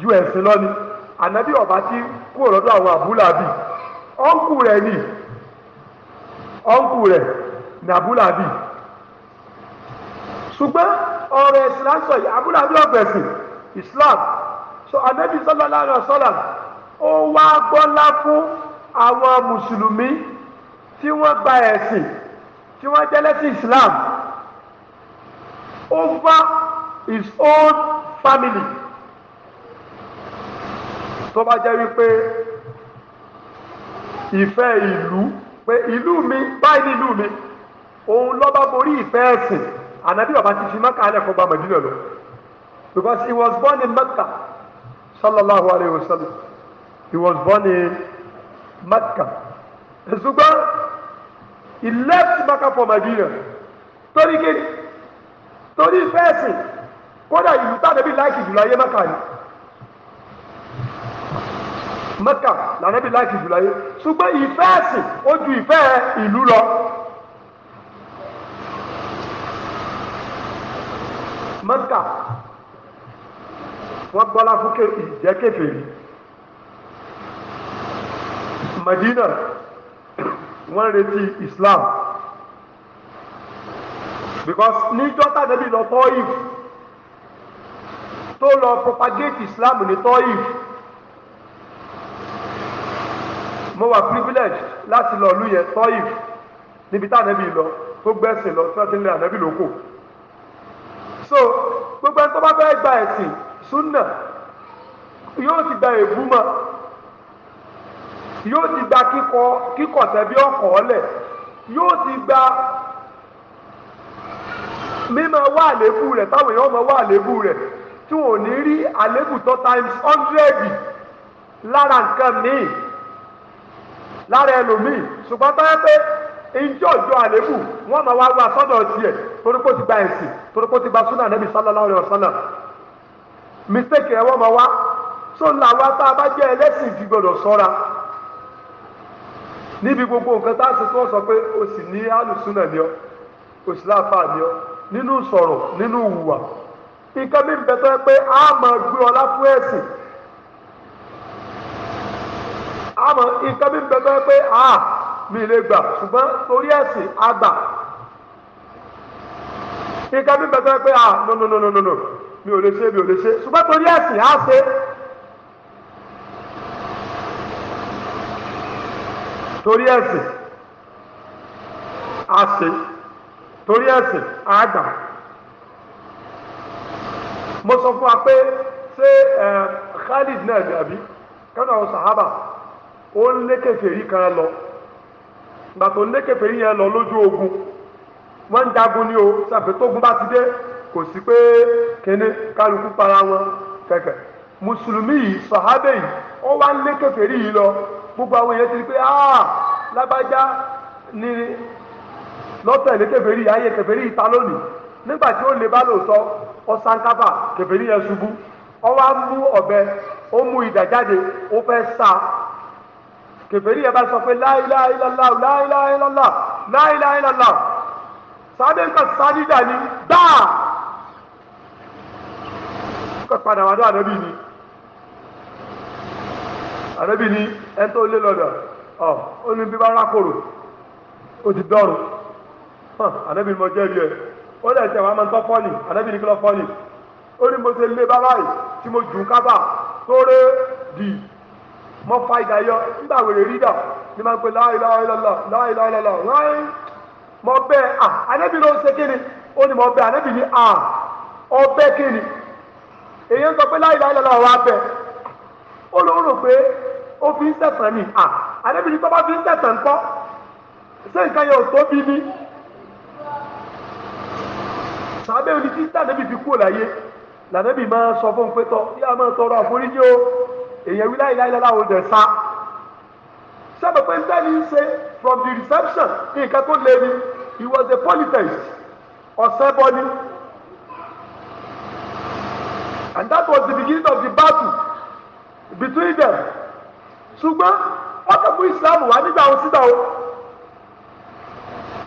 ju ẹ̀sìn lọ ni ànábì ọba ti kúrò lọ́dọ̀ àwọn àbúlàbì ọ̀nkù ni ọ̀nkù rẹ̀ ni àbúlàbì ṣùgbọ́n ọ̀rọ̀ ẹ̀sìn lásán yìí àbúlàbì Islam so ànábì sallallahu alaihi wasallam ó wá fún àwọn mùsùlùmí tí wọ́n gba ẹ̀sìn tí wọ́n jẹ́lẹ́sìn Islam over his own family tó bá jẹ́ wípé ìfẹ́ ìlú pé ìlú mi báyìí ní ìlú mi òun ló bá borí ìfẹ́ ẹ̀sìn ànábì bàbá ti fi mẹ́kà alẹ́ fún bàmọ̀ dínà lọ because he was born in Mecca sallallahu alayhi wa sallam he was born in Mecca ṣùgbọ́n he left Mecca for Medina torí kí torí fẹ́ẹ̀sì kódà ìlú tàbí láìkì jùlọ ayé Mecca ni Mecca lànàbí láìkì jùlọ ayé ṣùgbọ́n ìfẹ́ ẹ̀sìn ó ju ìfẹ́ ìlú lọ. Mecca wọ́n gbọ́lá fún ìjẹ́kẹ̀fẹ̀ yìí. Madina wọ́n retí Islam because níjọ́ tàbí lọ tọ́yìf tó lọ propagate Islam ní tọ́yìf mo wà privileged láti lọ lóye tọ́yìf níbi tàbí lọ tó gbẹ̀sìn lọ tí wọ́n ti ń lé ànábì lóko so gbogbo ẹni tó bá fẹ́ gba ẹ̀sìn súnà yóò ti gba èbú mọ́. yóò ti gba kíkọ kíkọ tẹbi ọkọ ọlẹ yóò ti gba mímọ wá àléébù rẹ táwọn èèyàn mọ wá àléébù rẹ tí wọn ò ní rí tó times hundred lára nǹkan míì lára ẹlòmíì ṣùgbọ́n táyà pé ìjọ ìjọ àléébù wọn máa wá wá sọ́dọ̀ tiẹ̀ torípò ti gba ẹ̀sìn torípò ti gba súnà nẹ́bí sallallahu alaihi mistake ẹ̀ wọ́n máa wá tó ń la wá tá a bá jẹ́ ẹlẹ́sìn ti níbi gbogbo nǹkan tá a ṣe tí wọ́n sọ pé o sì ní alùsùnà ni ọ o sì láfa ni ọ nínú sọ̀rọ̀ nínú ìwà nǹkan mi bẹ tó yẹ pé a máa gbé ọlá fún ẹ̀sìn a máa nǹkan mi bẹ tó yẹ pé a mi lè gbà ṣùgbọ́n torí ẹ̀sìn a gbà nǹkan mi bẹ tó yẹ pé a no no no no no mi ò lè ṣe mi ò lè ṣe ṣùgbọ́n torí ẹ̀sìn a ṣe. torí ẹ̀sìn a ṣe torí ẹ̀sìn a mo sọ fún wa pé ṣé Khalid náà dàbí kánú àwọn sàhábà ó ń lé kèfèrí kan lọ gbà tó ń lé kèfèrí yẹn lọ lójú ogun wọ́n ń jagun ní o ṣàfihàn tógun bá ti dé kò sí pé kíní kálukú para wọn kẹ̀kẹ́ mùsùlùmí yìí sàhábà yìí ó wá ń lé kèfèrí yìí lọ gbogbo àwọn èèyàn ti rí pé ah lágbájá ni lọ́tọ̀ ìlé kẹfẹ́rí ayé kẹfẹ́rí ìta lónìí nígbà tí ó lè bá lòótọ́ ọ̀sánkaba kẹfẹ́rí yẹn ṣubú ọwọ́ mú ọ̀bẹ ó mú idà jáde ó fẹ́ sá kẹfẹ́rí yẹn bá sọ pé láìláìlọ́lá láìláìlọ́lá láìláìlọ́lá sábẹ́ nǹkan sánídà ni gbáà padà wà ní ànábì ni ànábì ni. ẹ tó lé lọ́dọ̀ ọ ó ní rákòrò ó ti dọ́rùn mo jẹ́rìí ẹ̀ ó lẹ̀ tẹ̀ wàá máa ń tọ́ fọ́ọ̀nì kí lọ́ fọ́ọ̀nì ó ní mo ṣe lé bá tí mo jù kábà tóóré dì mo fa ìdá yọ nígbà wèrè rí dà ní máa ń pè ó fi ń sẹ̀tàn ni à àdébìnrin tó bá fi ń sẹ̀tàn kọ́ ṣé nǹkan yẹn ò tóbi ni sàbẹ̀ òní tí tàdébì fi kúrò láyé làdébì máa sọ fún un pé tọ́ yá máa tọrọ àforíjì o èèyàn wí láyé láyé láwọn ọdẹ sá sábà pé ń ń ṣe from the reception nǹkan tó lé ni he was a polytheist ọ̀sẹ̀ bọ́ and that was the beginning of the battle between them ṣùgbọ́n wọ́n kàn fún Islam wá nígbà wọn síta o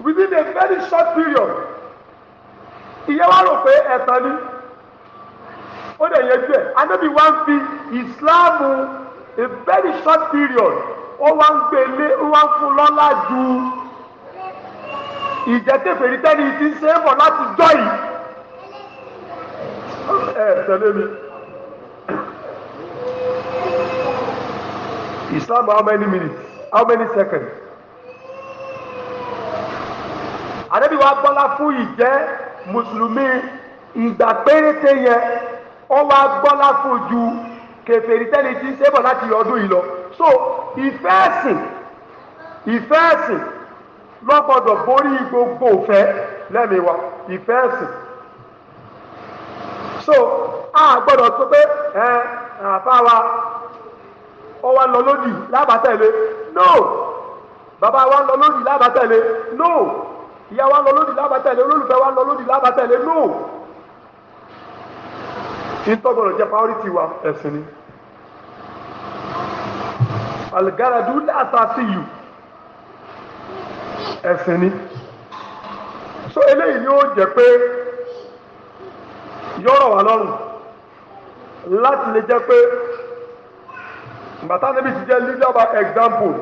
within a very short period ìyẹn wá rò pé ẹ̀tàn ni ó dẹ̀ yẹjú ẹ̀ anábì wá ń fi Islam a very short period ó wá ń gbélé ó wá ń fún lọ́lá ju ìjẹ́tẹ̀fẹ̀rí tẹ́ni ti ń ṣe é bọ̀ láti jọ́ yìí ẹ̀ tẹ̀lé mi. Islam how many minutes how many seconds. àdébí wa gbọ́lá fún ìjẹ́ mùsùlùmí ìgbà péréte yẹn ó wá gbọ́lá fún ju kèfèrí tẹ́lẹ̀ tí ń sẹ́bọ̀ láti ọdún yìí lọ so ìfẹ́ ẹ̀sìn ìfẹ́ ẹ̀sìn ló gbọ́dọ̀ borí gbogbo ìfẹ́ lẹ́mìí wa ìfẹ́ ẹ̀sìn so a gbọ́dọ̀ sọ pé ẹ àfa wa ó wá lọ lódì lábàtẹ̀lé no bàbá wa lọ lódì lábàtẹ̀lé no ìyá wa lọ lódì lábàtẹ̀lé olólùfẹ́ wa lọ lódì lábàtẹ̀lé no ìtọ́gbọ̀nà jẹ́ priority wa ẹ̀sìn ni algaradu lásàsì yù ẹ̀sìn ni so eléyìí ni ó jẹ́ pé yọ̀rọ̀ wà lọ́rùn láti lè jẹ́ pé bàtà níbi ti jẹ́ leader by example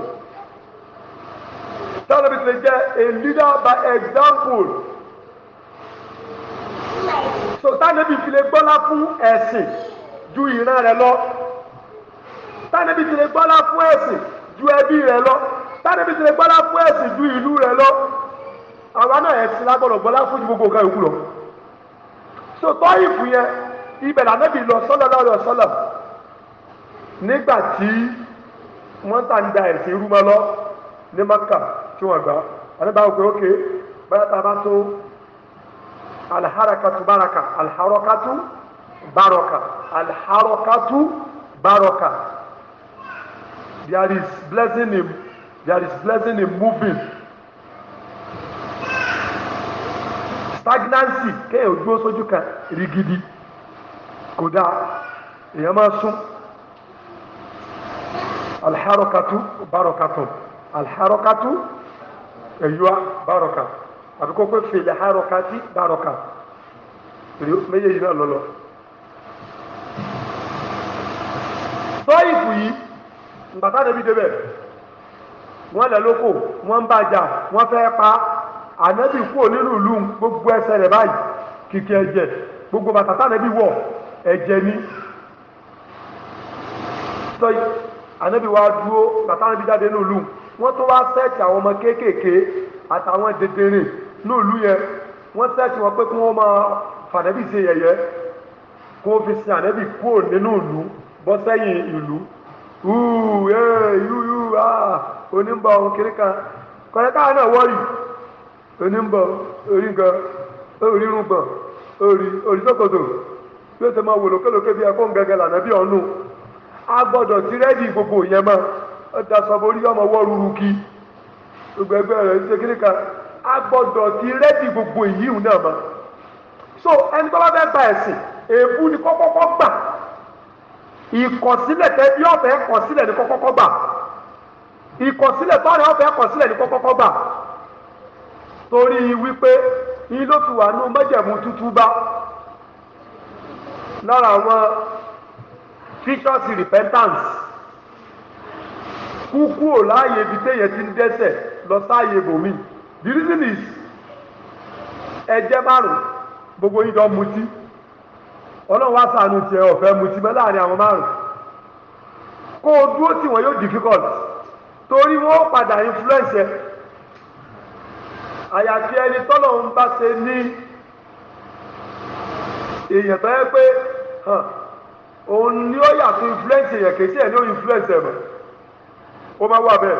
tẹ́lẹ̀ bí ti lè a leader by example so tánẹ́bí fi lè gbọ́lá fún ẹ̀sìn ju ìran rẹ̀ lọ tánẹ́bí ti lè gbọ́lá fún ẹ̀sìn ju ẹbí rẹ̀ lọ tánẹ́bí ti lè gbọ́lá fún ẹ̀sìn ju ìlú rẹ̀ lọ àwa náà ẹ̀sìn lágbọ́dọ̀ gbọ́lá fún ju gbogbo nǹkan yòókù lọ so tọ́ ìfù yẹn ibẹ̀ lànẹ́bí lọ sọ́lọ́ lọ́rọ̀ sọ́lọ́ nígbà tí wọ́n tà ń da ẹ̀sìn irú mọ́ lọ ní maka tí wọ́n gbà àníbà òkè òkè báyà tá a bá tó alharakatu baraka alharakatu baraka alharakatu baraka there is blessing in there is blessing in moving stagnancy kéèyàn dúró sójú kan rigidi kódà èèyàn máa sún alḥarokatu barokatu alḥarokatu ẹ̀yọ́ baroka àbí kókó fèlè harokati baroka méjèèjì náà lọ́lọ́ sọ́yìnkù yìí bàtà nàbí débẹ̀ wọ́n lẹ̀ lóko wọ́n ń bàjá wọ́n fẹ́ pa ànábì kú nínú ìlú gbogbo ẹsẹ̀ rẹ̀ báyìí kìkì ẹ̀jẹ̀ gbogbo bàtà tànábì wọ̀ ẹ̀jẹ̀ ni sọ́yìnkù anabi wa dúró bàtà anabi jáde nílùú wọ́n tó wá sẹ́ẹ̀tì àwọn ọmọ kéékèèké àtàwọn dèdèrè nílùú yẹn wọ́n sẹ́ẹ̀tì wọn pé kí wọ́n máa fànẹ́bì ṣe yẹ̀yẹ́ kó fi sin ànẹ́bì kúrò nínú ìlú bọ́ sẹ́yìn ìlú uu ee yúyú aa onímbọ̀ kiri kan kọ̀rẹ́ káà náà wọ́ọ̀rì onímbọ̀ orí gan orí rúgbọ̀n orí orí sókòtò yóò ṣe máa wò lókèlókè bí ẹkọ́ ń gẹ́gẹ́ lànà bí ọ̀nù a ti rẹ́dì gbogbo yẹn mọ́ ẹ daṣọ borí ọmọ wọ́ rúru kí gbogbo ẹgbẹ́ rẹ̀ ṣe kíní kan a gbọ́dọ̀ ti rẹ́dì gbogbo èyí náà mọ́ so ẹni tó bá fẹ́ gba ẹ̀sìn èébú ni kọ́kọ́kọ́ gbà ìkọ̀sílẹ̀ tẹ bí ọ̀fẹ́ kọ̀sílẹ̀ ni kọ́kọ́kọ́ gbà ìkọ̀sílẹ̀ tọ́rẹ̀ ọ̀fẹ́ kọ̀sílẹ̀ ni kọ́kọ́kọ́ gbà torí wípé yín ló wà nú mẹ́jẹ̀mú tútú bá lára àwọn features repentance kúkú ò láàyè ibi téèyàn ti ń dẹ́sẹ̀ lọ sáàyè bòmí the reason is ẹjẹ́ márùn gbogbo yín jọ mutí ọlọ́run wá sànù tiẹ̀ ọ̀fẹ́ mutí mọ́ láàrin àwọn márùn kó o dúró tí wọn yóò difficult torí wọn ó padà influence ẹ àyàfi ẹni tọ́lọ̀ ń bá ṣe ní èèyàn tó yẹ pé òun ni ó yàtọ̀ influence yẹn kì í sí ẹ̀ ní ó influence ẹ̀ mọ̀ ó máa wà bẹ́ẹ̀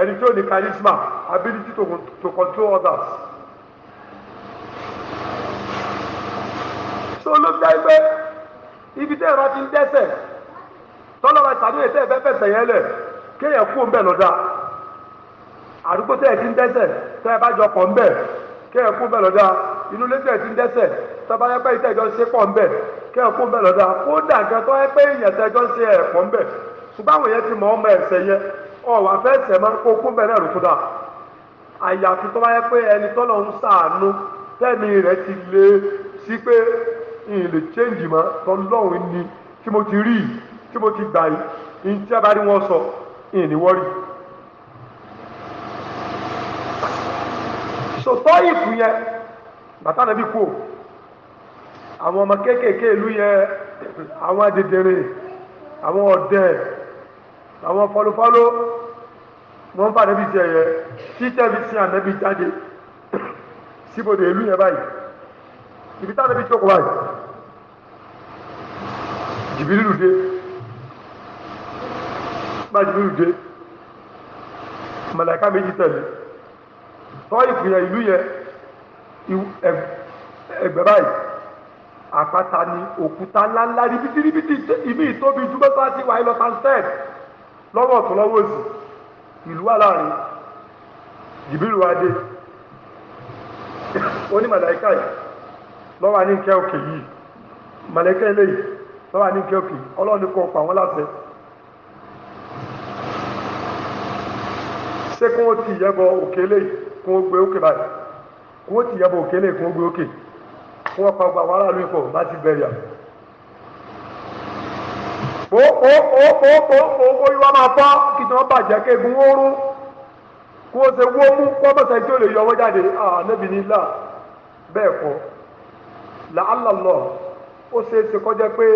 ẹni tí ní charisma ability to, to control others. so ló dá ẹgbẹ́ ibi tẹ́ ẹ̀rọ ti ń dẹ́sẹ̀ tọ́lọ́wọ́ ìtàdé ètò ẹ̀fẹ́ fẹsẹ̀ yẹn lẹ̀ kéèyàn kú ń bẹ̀ lọ́dà àdúgbò tẹ́ ẹ̀ ti ń dẹ́sẹ̀ tẹ́ ẹ bá jọ pọ̀ ń bẹ̀ kéèyàn kú ń bẹ̀ lọ́dà inú ilé ti ń dẹ́sẹ̀ tọ́ba yẹ pé ìtẹ́jọ́ ń ṣe pọ̀ ń bẹ̀ kí ẹ̀kú ń bẹ̀ lọ́dà kódà nǹkan tó yẹ pé ìyẹn tẹ́jọ́ ń ṣe ẹ̀pọ̀ ń bẹ̀ ṣùgbọ́n àwọn yẹn ti mọ̀ ọmọ ẹ̀sẹ̀ yẹn ọ̀wà fẹ́ ẹ̀sẹ̀ máa ń kó kún bẹ̀ náà rúkú dà àyàfi tọ́ba yẹ pé ẹni tọ́lọ̀ ń sàánú tẹ́mi rẹ̀ ti le sí pé ìlè change mọ́ tọ́lọ́hún ni tí mo ti rí yìí tí mo ti gbà yìí ní tí a bá rí wọn sọ ìníwọ́rì. sọ̀tọ́ ìfù yẹn bàtà nàbí kú o àwọn ọmọ kéékèèké ìlú yẹn àwọn adìdìrì àwọn ọ̀dẹ̀ àwọn fọlọfọlọ wọn bá nẹbi jẹ yẹ títẹ fi sin ànẹbi jáde síbòdè ìlú yẹn báyìí ibi tá nẹbi jókòó báyìí jìbìlì dé bá jìbìlì dé màláíkà méjì tẹ̀lé tọ́ ìfìyà ìlú yẹn ẹgbẹ́ báyìí àpáta ni òkúta ńláńlá ní bìtìrìbìtì ìmí ìtóbi ju bẹ́ẹ̀ bá ti wà lọ tanstep lọ́wọ́ ọ̀tún lọ́wọ́ òsì ìlú wà láàrin jìbìrì wa dé ó ní màláìka yìí lọ́wọ́ ní nkẹ́ òkè yìí màláìka eléyìí lọ́wọ́ ní nkẹ́ òkè ọlọ́run ní kò pa wọ́n láṣẹ. ṣé kí wọ́n ti yẹ òkè eléyìí kí wọ́n gbé òkè báyìí kí wọ́n ti yẹ òkè eléyìí kí wọ́n gbé òkè. Okay tí wọ́n pa gbogbo àwọn aráàlú ìpò láti o àmì. o o o o o bàjẹ́ kó o ṣe wó mú kó bẹ̀sẹ̀ tí o lè yọ ọwọ́ jáde ànábì ní là bẹ́ẹ̀ kọ́ làálàlọ́ ó o ṣe kọjá pé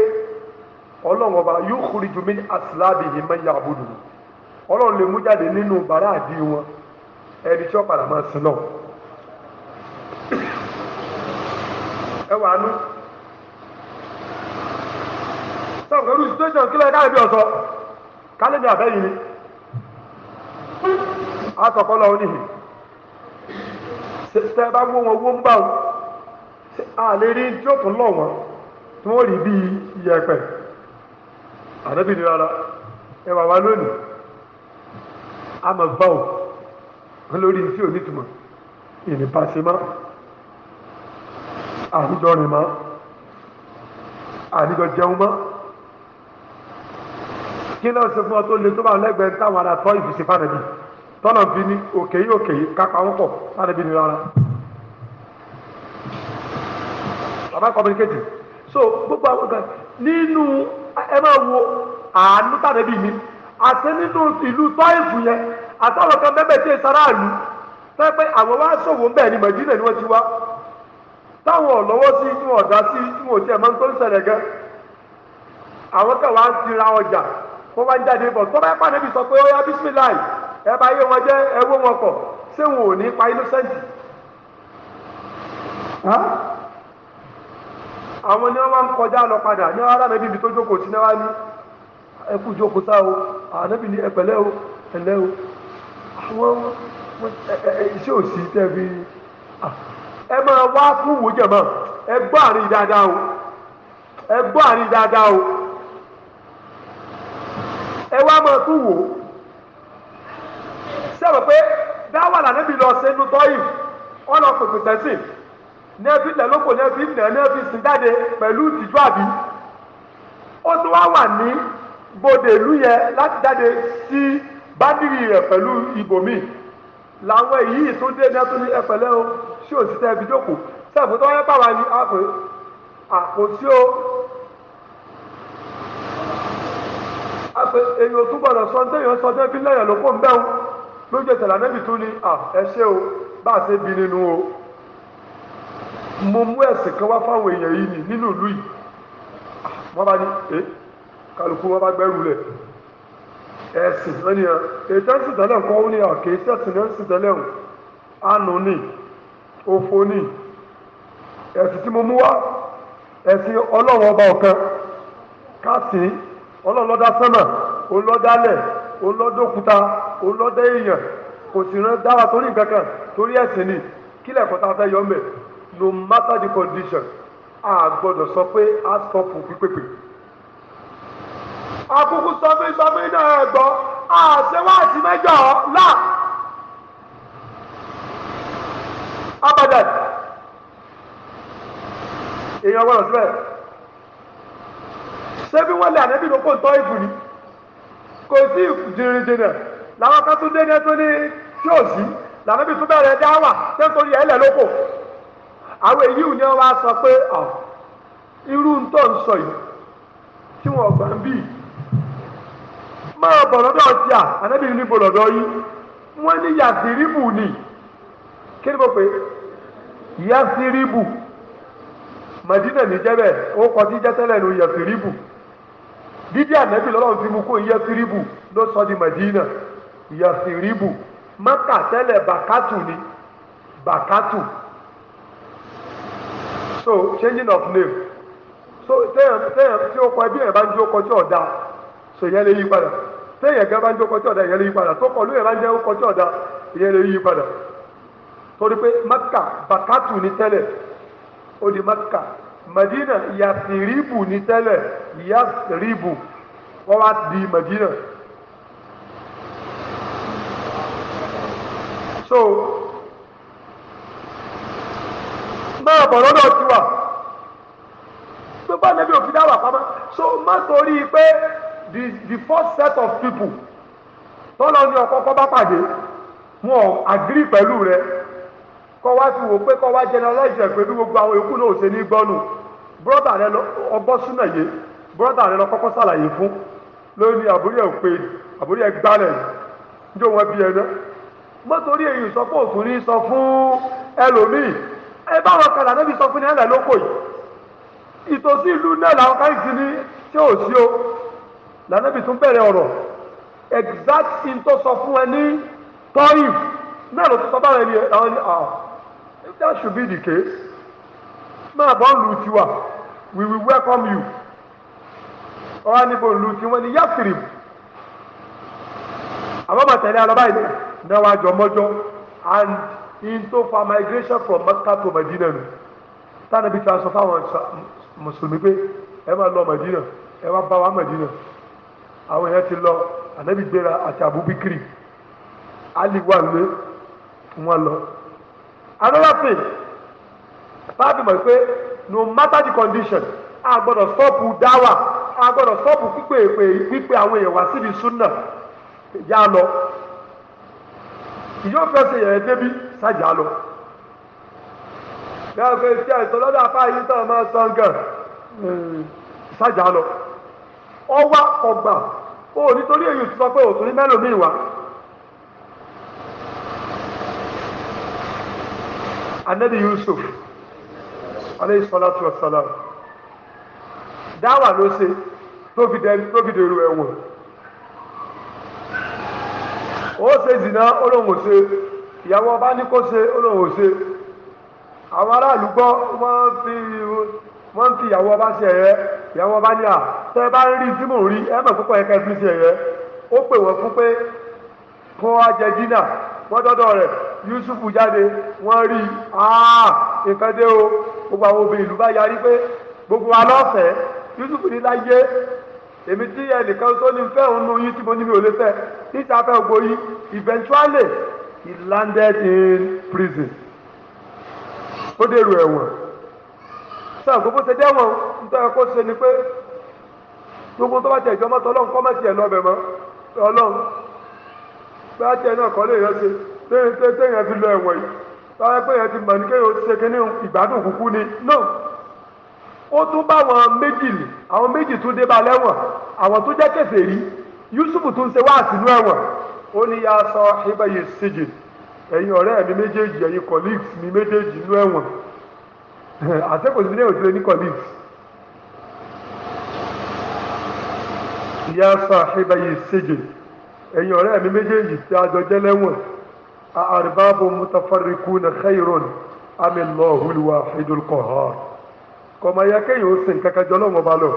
ọlọ́run ọba yóò kúri ju mí àsìláàbì yìí máa yà àbúdù ọlọ́run lè mú jáde nínú bàrá àdí wọn ẹni tí wọ́n padà máa sin náà. ẹwà nú. sọ̀rọ̀ pẹ̀lú situation kílẹ̀ káàbí ọ̀sọ́ kálẹ̀dì àbẹ́yìn ni àtọ̀kọ́lọ́ oníhì tẹ́ bá wó wọn wó ń bá wọn àlè rí tí ó tún lọ wọn tí wọ́n rí bí iyẹ̀pẹ̀ àdẹ́bí ni rárá ẹwà wa lónìí a mọ̀ bá wọn lórí tí ò ní túmọ̀ ìní pàṣẹ máa àníjọ rìn mọ́ àníjọ jẹun mọ́ kí náà ṣe fún ọ tó le tó bá lẹ́gbẹ̀ẹ́ táwọn ará tọ́ ìfìsí fànàbí tọ́nà fi ní òkè yìí òkè yìí kápá wọn pọ̀ fànàbí ni rárá bàbá communicate so gbogbo àwọn kan nínú ẹ máa wo àánú tànàbí mi àti nínú ìlú tọ́ ìfù yẹn àtàwọn kan bẹ́ẹ̀ bẹ́ẹ̀ tí ì sára àlù pẹ́pẹ́ àwọn wá ṣòwò ń bẹ̀ ni mọ̀jínà ni wọ́n ti wá táwọn ọ̀lọ́wọ́ sí tí wọ́n dá sí tí wọ́n tiẹ̀ máa ń tó ń ṣẹlẹ̀ àwọn wá ń tira ọjà wọ́n bá ń jáde bọ̀ tó bá pàdé bí sọ pé ó yá bísímìláì ẹ bá yé wọn jẹ́ ẹ wó wọn pọ̀ ṣé wọn ò ní pa innocent àwọn ni o ànábì ní ẹpẹ̀lẹ́ o ẹlẹ́ o àwọn iṣẹ́ òsì ẹ máa wá fún wò jẹ̀mọ́ ẹ gbọ́ o ẹ gbọ́ àárín dáadáa o ẹ wá máa tún wò sẹ́wọ̀ pé dáwà lànàbí lọ sínú tọ́yì ọ̀nà pèpè sẹ́sìn nẹ́ẹ̀fì lẹ́lọ́kọ nẹ́ẹ̀fì nẹ́ẹ̀ nẹ́ẹ̀fì jáde pẹ̀lú ìtìjú àbí ó tún wá wà ní bòdèlú yẹ láti jáde sí bádìrì rẹ̀ pẹ̀lú làwọn èyí tó dé o. ṣé òsì tẹ́ fi jókòó sẹ́ẹ̀kù tó wáyé pàwọn ni àpè àpòtí o àpè èyí ò túbọ̀ lọ sọ ní tẹ́yìn sọ tẹ́ fi lẹ́yìn ló kó ń bẹ́hùn lójú ìtẹ̀lá níbi tún ni ẹ ṣé o bá a ṣe bí nínú o mo mú ẹ̀sìn kan wá fáwọn èèyàn yìí nì nínú ìlú yìí wọ́n bá ní ẹ kálukú wọ́n bá gbẹ́rù rẹ̀ ẹ̀sìn lọ́nìyàn ètò ẹ̀sìn tẹ́lẹ̀ ń kọ́ ó ní àkè iṣẹ́ ẹ̀sìn ní ẹ̀sìn tẹ́lẹ̀ ń ànú ni òfò ni ẹ̀sìn tí mo mú wá ẹ̀sìn ọlọ́run ọba ọ̀kan káàsì ọlọ́run ló dá sánmà òun ló dálẹ̀ òun ló dókúta òun ló dá èèyàn kò sì rán dára torí nǹkan kan torí ẹ̀sìn ni kí lẹ̀kọ́ tá a fẹ́ yọ ọ́ mẹ́ no matter the condition a gbọ́dọ̀ sọ pé a sọ fún pípépè akókó sọ fún ìsọfún iná ẹ̀ gbọ́ àṣewáàtì mẹ́jọ là. abadan èèyàn gbọ́dọ̀ síbẹ̀ ṣé bí wọ́n lé ànábì ló kó tọ́ ìbù ni kò sí jìnnìjìnnà làwọn kan tún dé ní ẹtún ní tí ò sí lànábì tún bẹ̀rẹ̀ dá wà ṣé nítorí ẹlẹ́ ló kò àwọn èyí ò ní wọ́n wá sọ pé irú ń tọ́ ń sọ yìí tí wọ́n gbà ń bì máa bọ̀ lọ́dọ̀ ọtí à ànábì níbo lọ́dọ̀ yìí wọ́n ní yàtìrìbù ni kí ni mo pè é. yasiribu madina n'i jẹ́ o ó kọ́ sí jẹ́tẹ́lẹ̀ ní yasiribu dídí ànábì lọ́lọ́run ti mú kó yasiribu ló sọ di madina yasiribu maka tẹ́lẹ̀ bakatu ni bakatu so changing of name so tẹ́yàn tẹ́yàn tí ó kọ ẹbí yẹn bá ń jó kọjú ọ̀dà so ìyẹn lè yí padà tẹ́yàn gẹ́gẹ́ bá ń jó kọjú ọ̀dà ìyẹn lè yí padà tó kọ lóyè bá ń jẹ́ kọjú ọ̀dà ìyẹn lè yí padà. torí pé maka bakatu ní tẹ́lẹ̀ ó di maka madina yasiribu ní tẹ́lẹ̀ yasiribu wọ́n wá di madina. so máa bọ̀ lọ́dọ̀ tiwa gbogbo ànábì òfin dáwà pamọ́ so má torí pé the the first set of people tọ́lọ́ ní ọkọ̀ kọ́ bá pàdé wọn ò agree pẹ̀lú rẹ̀. kọ́ wá fi wò pé kọ́ wá pé bí gbogbo àwọn yòókù náà ò ṣe ní gbọ́nù brọ́dà rẹ ọgbọ́n súnà yé rẹ lọ kọ́kọ́ fún lórí àbúrí ẹ̀ pé àbúrí ẹ̀ gbálẹ̀ sọ ní sọ fún ẹlòmíì ẹ báwọn kan bí sọ fún lóko yìí ìtòsí ìlú náà làwọn ní sọ fún ẹ ní tọ́yìn náà ló ti sọ If that should be the case, máa bọ́ lu tiwa, we will welcome you. Ọ̀rọ̀ níbo lu tiwọn ni Yasirib. Àwọn ọmọ tẹ̀lé alọ́ báyìí náà wá mọ́jọ́ and in tó fa migration from Mecca to Medina nù. Táwọn ibi tí a sọ fáwọn Mùsùlùmí pé ẹ máa lọ Medina, ẹ wá bá wa Medina. Àwọn èèyàn ti lọ Ànábì gbéra àti Abubakar. Ali wà lé wọn lọ. another thing báàbí mọ̀ pé no matter the condition a gbọ́dọ̀ sọ́ọ̀pù dáwà a gbọ́dọ̀ sọ́ọ̀pù pípé èpè pípé àwọn èèyàn wá síbi súnà lọ ìyóò fẹ́ yẹn débi sájà lọ. yàrá pé tí àìsàn lọ́dọ̀ apá yìí tán máa san gan sájà lọ ọwá ọgbà o nítorí èyí sọ pé òtún ní mẹ́lòmíì wá anabi yusuf alayhi salatu wa salam dáwà ló ṣe tó fi dèrò ẹ̀wọ̀n ó ṣe zina olóhùn ṣe ìyàwó ọba ní kó ṣe olóhùn ṣe àwọn aráàlú gbọ́ wọ́n fi wọ́n fi ìyàwó ọba ṣe ẹ̀yẹ ìyàwó ọba ní à tẹ́ bá ń rí tí mò ń rí ẹ mọ̀ púpọ̀ ẹ̀ka ẹ̀fí ṣe ẹ̀yẹ ó pè wọ́n fún pé kó wá jẹ dínà wọ́n dọ́dọ̀ rẹ̀ yusufu jáde wọ́n rí nǹkan dé o gbogbo àwọn obìnrin ìlú bá yarí pé gbogbo wa yusufu ní láyé èmi tí ẹnìkan tó ní fẹ́ òun nu yín tí mo ní mi ò lè fẹ́ níta fẹ́ gbogbo yín eventually he landed in prison ó dèrò ẹ̀wọ̀n sọ gbogbo ṣe dẹ́wọ̀n nítorí kó ṣe ni pé gbogbo tó bá tẹ̀ ìjọba tó ọlọ́run kọ́ mọ̀ tiẹ̀ lọ́bẹ̀ mọ́ ọlọ́run bá tiẹ̀ náà kọ́ lè yọ ṣe téèyàn fi lọ ẹ̀wọ̀n yìí tọ́wọ́ pé yẹn ti mọ̀ ní kéèyàn ó ti ṣe kínní ìgbádùn kúkú ni no ó tún bá àwọn méjì lì àwọn méjì tún dé bá lẹ́wọ̀n àwọn tó jẹ́ kèfèrí Yusuf tún ṣe wá sínú ẹ̀wọ̀n ó ní ya sọ ibẹ̀yẹ ṣèjì ẹ̀yin ọ̀rẹ́ mi méjèèjì ẹ̀yin colleagues mi méjèèjì nínú ẹ̀wọ̀n àtẹ́kọ̀ọ́ sí ilé òjò ní colleagues ya sọ ibẹ̀yẹ ṣèjì ẹ̀yin ọ̀rẹ́ mi méjèèjì tí a jọ jẹ́ lẹ́wọ̀n. أأرباب متفرقون خير أم الله الواحد القهار kọmọ yẹ kéèyàn ó sìn kankan jọ lọ́wọ́ ba lọ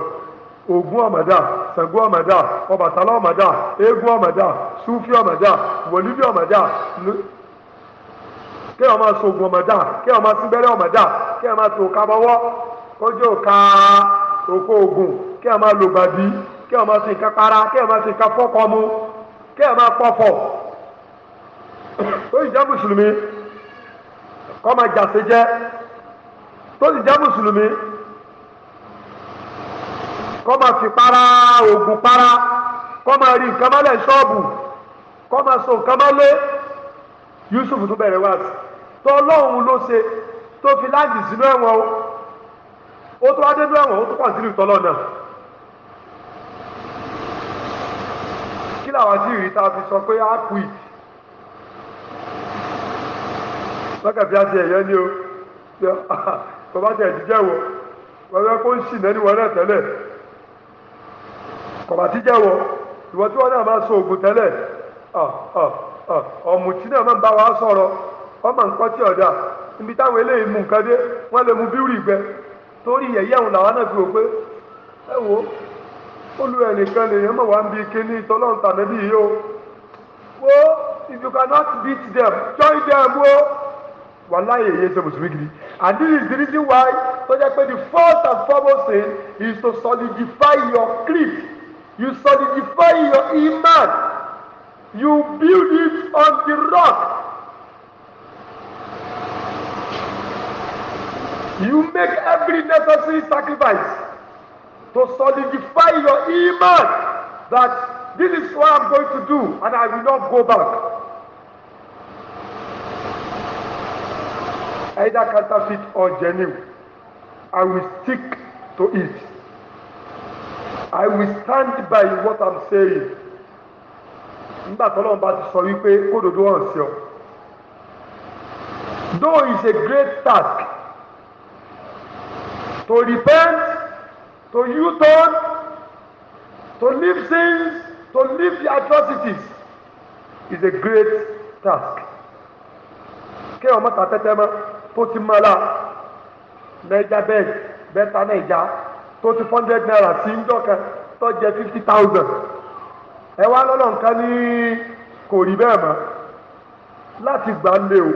Ògún ọ̀mọ̀dá Ṣàngó ọ̀mọ̀dá Ọbàtálá ọ̀mọ̀dá eégún ọ̀mọ̀dá Súfì ọ̀mọ̀dá wòlíbí ọ̀mọ̀dá kéèyàn máa so Ògún ọ̀mọ̀dá kéèyàn máa sín gbẹ́rẹ́ ọ̀mọ̀dá kéèyàn máa tò ká bọ́wọ́ kójú òka òkò Ògún kéèyàn máa lògbàdì kéèyàn máa sìn kápára kéèyàn máa sìn káfọ́kọ́mu kéèyàn máa pọ̀fọ̀ tó sì jẹ́ mùsùlùmí kọ́ máa jàse jẹ́ tó sì jẹ́ mùsùlùmí kọ́ máa fi para oògùn para kọ́ máa rí nǹkan mọ́lẹ̀ ṣọ́ọ̀bù kọ́ máa so nǹkan mọ́lẹ̀ Yusuf tó bẹ̀rẹ̀ wá sí tó ọlọ́run ló ṣe tó fi láàjì sínú ẹ̀wọ̀n o ó tó wá dé inú ẹ̀wọ̀n ó tó pọ̀ sínú ìtọ́lọ́ kí làwọn ti rí tá a fi sọ pé a kú ìtì. lákàtí àti ẹ̀yẹ ni o bàbá tẹ̀ jíjẹ́ wọ bàbá kó ń ṣì nẹ́ni wọn náà tẹ́lẹ̀ bàbá tíjẹ́ wọ wọn náà máa so oògùn tẹ́lẹ̀ ọ̀mùtí náà máa ń bá wa sọ̀rọ̀ ọmọ nǹkan tí ọ̀dà níbi táwọn eléyìí mú nǹkan dé wọ́n lè mú bíúrì gbẹ torí yẹ̀yẹ́ àwọn làwọn náà fi wò pé ẹ wo olú ẹnìkan lèèyàn mọ̀ wá ń bi kíní tọ́lọ́ǹtà níbí yìí o wo if you cannot beat them join them o. Oh wàláyé èyí ṣe mùsùlùmí gidi and this is the reason why So jẹ́ pé the first and foremost thing is to solidify your creed you solidify your iman you build it on the rock you make every necessary sacrifice to solidify your iman that this is what I'm going to do and I will not go back. either counterfeit or genuine. I will stick to it. I will stand by what I'm saying. Nígbà tó lọ́nà bá ti sọ wípé kódòdó hàn sí ọ. Though it's a great task to repent, to U-turn, to leave sins, to leave the atrocities is a great task. Kí ọmọ ta tẹ́tẹ́ mọ́ tó ti mọ́ la naija bẹ́ẹ̀ bẹ́ta naija tó ti four naira sí ńjọ́ kan tó fifty thousand ẹ wá lọ́lọ́ nǹkan ní kò rí bẹ́ẹ̀ mọ́ láti gbà lé o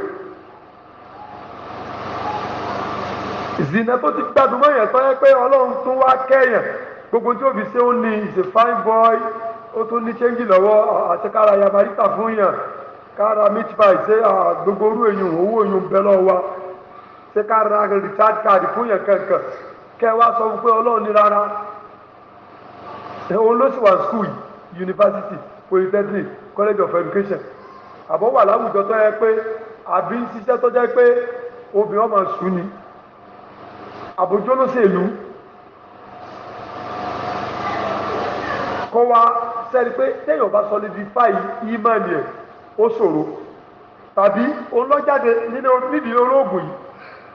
ìzìnà tó ti gbádùn mọ́yàn tó yẹ pé ọlọ́run tún wá kẹ́yàn gbogbo tí òbí ṣe ó ní is a fine boy ó tún ní ṣéǹgì lọ́wọ́ àti kára yabarita fún yàn kára meat pie ṣe gbogbo orú èyàn owó èyàn bẹ́ lọ́wọ́ wa ṣé ká ra recharge card fún yẹn kankan kẹ́ wá sọ fún pé ọlọ́run ní rárá òun ló sì wà school yìí university polytechnic college of education àbọ̀ wà láwùjọ tó yẹ pé àbí ń ṣiṣẹ́ tó jẹ́ pé obìnrin ọmọ sùn ni àbójútó ló sì lù kọ́ wa sẹ́ni pé téèyàn bá solidify ìmọ̀ ni ẹ̀ ó ṣòro tàbí olójáde nídìí olóògùn yìí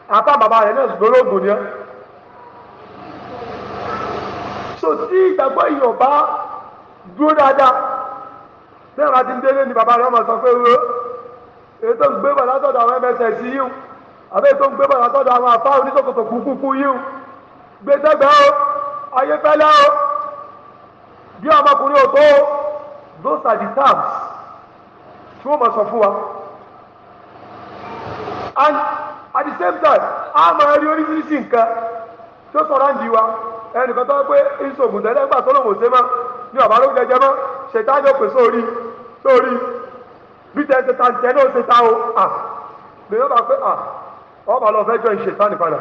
apá bàbá rẹ̀ náà ṣùgbọ́n olóògùn ni ọ́. so tí ìgbàgbọ́ èèyàn bá dúró dáadáa bẹ́ẹ̀ máa ń délé ni bàbá rẹ̀ ọmọ sọ pé wo èyí tó ń gbé bọ̀ látọ̀dọ̀ àwọn mss yìí o àbẹ́ èyí tó ń gbé bọ̀ látọ̀dọ̀ àwọn afá oníṣòkòtò kúkúkú yìí o o ayé o bí ọmọkùnrin ò tó o those are the terms tí wọ́n mọ̀ sọ fún wa at the same time a máa rí oríṣiríṣi nǹkan tó sọ̀rọ̀ àǹdí wa ẹnìkan tó pé ìṣògùn tẹ́lẹ̀ tó lòun ò ṣe mọ́ ní ọ̀bá ló jẹjẹ mọ́ ṣètájọ́ sórí sórí bí tẹ́ ṣe ta náà ṣe ta o à lè yọba pé à ọba lọ fẹ́ jọ ìṣètánì padà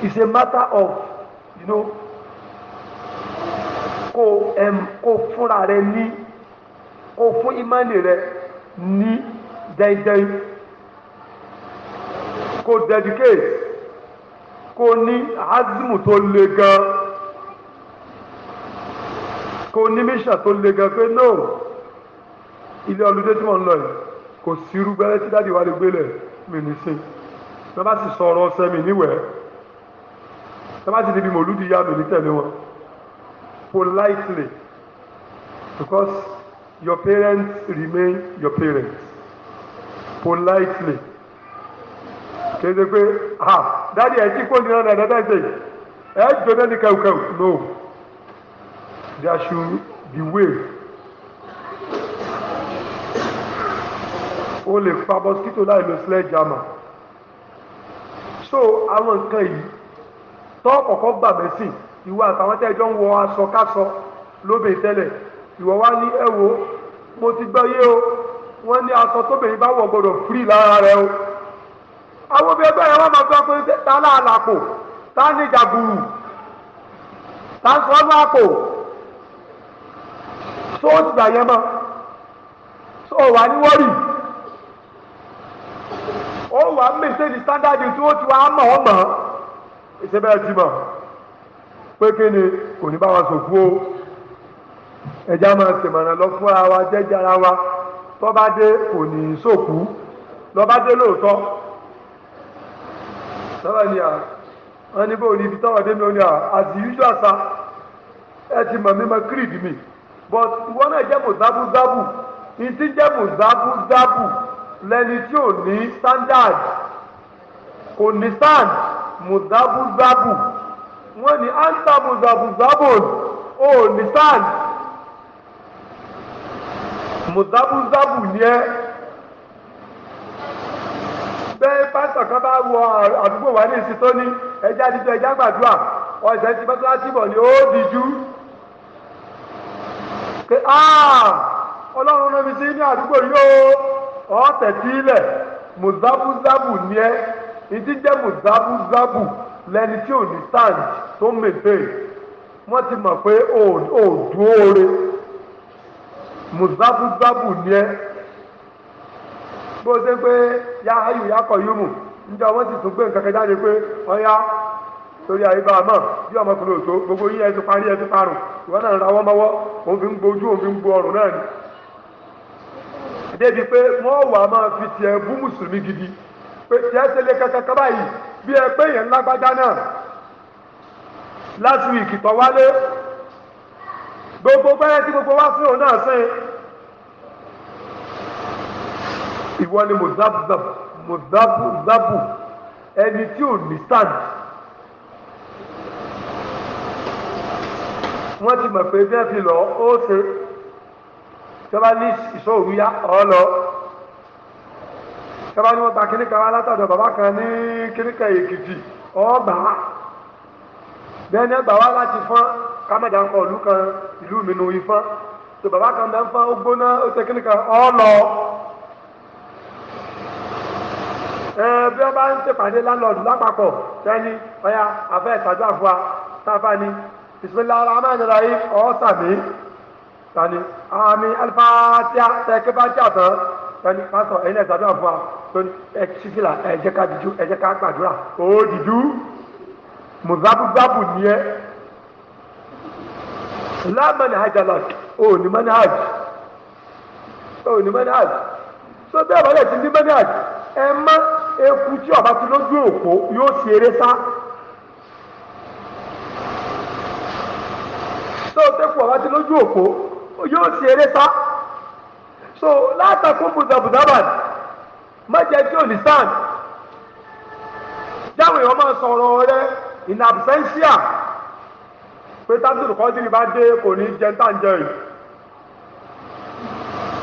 it's a matter of you know kó ẹm fúnra rẹ ní kó fún ìmánì rẹ ní dẹ́ndẹ́n. kó dedicate kó ní azimu tó le gan kó ní mission tó le gan pé no ilé ọlọ́dẹ tí wọ́n ń lọ yìí kò sí gbẹ́rẹ́ tí dáàdi wa lè gbélé mi ní sìn tí wọ́n bá sì sọ ọ̀sẹ̀ mi níwẹ̀ẹ́ tí wọ́n bá sì níbi mòlúdi yá mi ní tẹ̀lé wọn politely because your parents remain your parents politely kéde pé ha dáàdi ẹ̀ tí kò ní ọ̀nà ẹ̀dá ẹ̀sẹ̀ ẹ̀ jóná ní kẹ̀kẹ́ no there should be way o lè pa mosquito láì lo sledgehammer so àwọn nǹkan yìí tọ́ kọ̀kọ́ gbà mẹ́sìn ìwọ àtàwọn tẹ́jọ́ ń wọ aṣọ káṣọ lóbe tẹ́lẹ̀ ìwọ wá ní ẹ̀wò mo ti gbọ́ yé o wọ́n ní aṣọ tóbìnrin bá wọ̀ gbọ́dọ̀ free lára rẹ o. àwọn obìnrin ẹgbẹ́ yẹn wọ́n máa sọ pé ta láàlà pò ta ní ìjàgùrù ta ń sọ́nù àpò tó ti gbà yẹn mọ́ tó wà ní wọ́rì ó wà mẹ́sẹ̀lì sándàdì tí ó ti wà á mọ̀ ọ́ mọ̀ ti mọ̀ pé kí ni kò ní wa sòkú o ẹja máa tẹ̀mọ̀nà lọ wa jẹ́jára wa tọ́ba dé sábà ní à wọn ní bóun ní ibi táwọn dé mi ò ní à àti yíjú àṣà ẹ ti mọ̀ mí mọ creed mi but ìwọ náà jẹ́ mùsábùsábù ìtí jẹ́ mùsábùsábù lẹni tí ò ní standard kò ní stand mùsábùsábù wọn ní ansa mùsábùsábù ò ní stand mùsábùsábù ni ẹ. bẹ́ẹ̀ pásítọ̀ kan bá wọ àdúgbò wa ní ìsìn tó ní ẹja dídú ẹja gbàdúrà ọ̀sẹ̀ ti mọ́tíláṣí bọ̀ ni ó dìjú. pé ọlọ́run ló fi sí ní àdúgbò yóò ó ọ̀tẹ̀ mùzábùzábù ni ẹ́ ìdí jẹ́ mùzábùzábù lẹni tí bó ṣe pé ya ayù ya kọ̀ yóò mù níjọ wọ́n sì tún gbé nǹkan kan jáde pé ọ̀yá torí àyíká àmọ́ bí ọmọkùnrin òtó gbogbo yín ẹ ti parí ẹ ti parun ìwọ náà ra wọ́mọ́wọ́ òun fi ń gbojú òun fi ń gbo ọrùn náà ni. pé wọ́n wà máa fi gidi pé tiẹ̀ ìwọ ni muzabzab muzabzabu ẹni tí ò ní stand wọ́n ti mọ̀ pé bẹ́ẹ̀ fi lọ ó ṣe tọ́ba ní ìṣọ́ òru yá ọ lọ tọ́ba ní wọ́n ta kíníkà wá látọ̀dọ̀ bàbá kan ní kíníkà èkìtì ọ bà á bẹ́ẹ̀ ni ẹ gbà wá láti fọ́n kámẹ́dà ń kọ ìlú kan ìlú mi nù ifọ́n tó bàbá kan dá ń fọ́n ó gbóná ó ṣe kíníkà ọ lọ. ẹ bí wọn bá ń ṣèpàdé lálọ́ọ̀dù lápapọ̀ sẹ́ni ọ̀yà àfẹ́ ìtàdúrà fún wa sáfà ni bismillahir rahmanir rahim ọ̀sàmì sani àmì alifáàtíà tẹ̀kẹ́ bá a tán sani pásọ̀ ẹ̀yin ìtàdúrà fún wa sani ẹ̀ ṣíṣílà ẹ̀ jẹ́ ká dìjú ẹ̀ jẹ́ ká gbàdúrà ó dìdú mùsàbùgbàbù ni ẹ lámàni hajjalak ó ní mọ́ni hajj ó ní mọ́ni hajj so bẹ́ẹ̀ bá lẹ̀ ti ní mọ́ni hajj ẹ má eku tí ọba ti lójú òpó yóò ṣe eré sá tó o tẹ́kù ọba ti lójú òpó yóò ṣe eré sá so látàkùn bùdàbùdàbà má jẹ́ kí o lè sàn dáwọn èèyàn máa sọ̀rọ̀ rẹ in absentia pé tábìlì kọ́ndìrì bá dé kò ní jẹ́ ntàǹjẹ́ yìí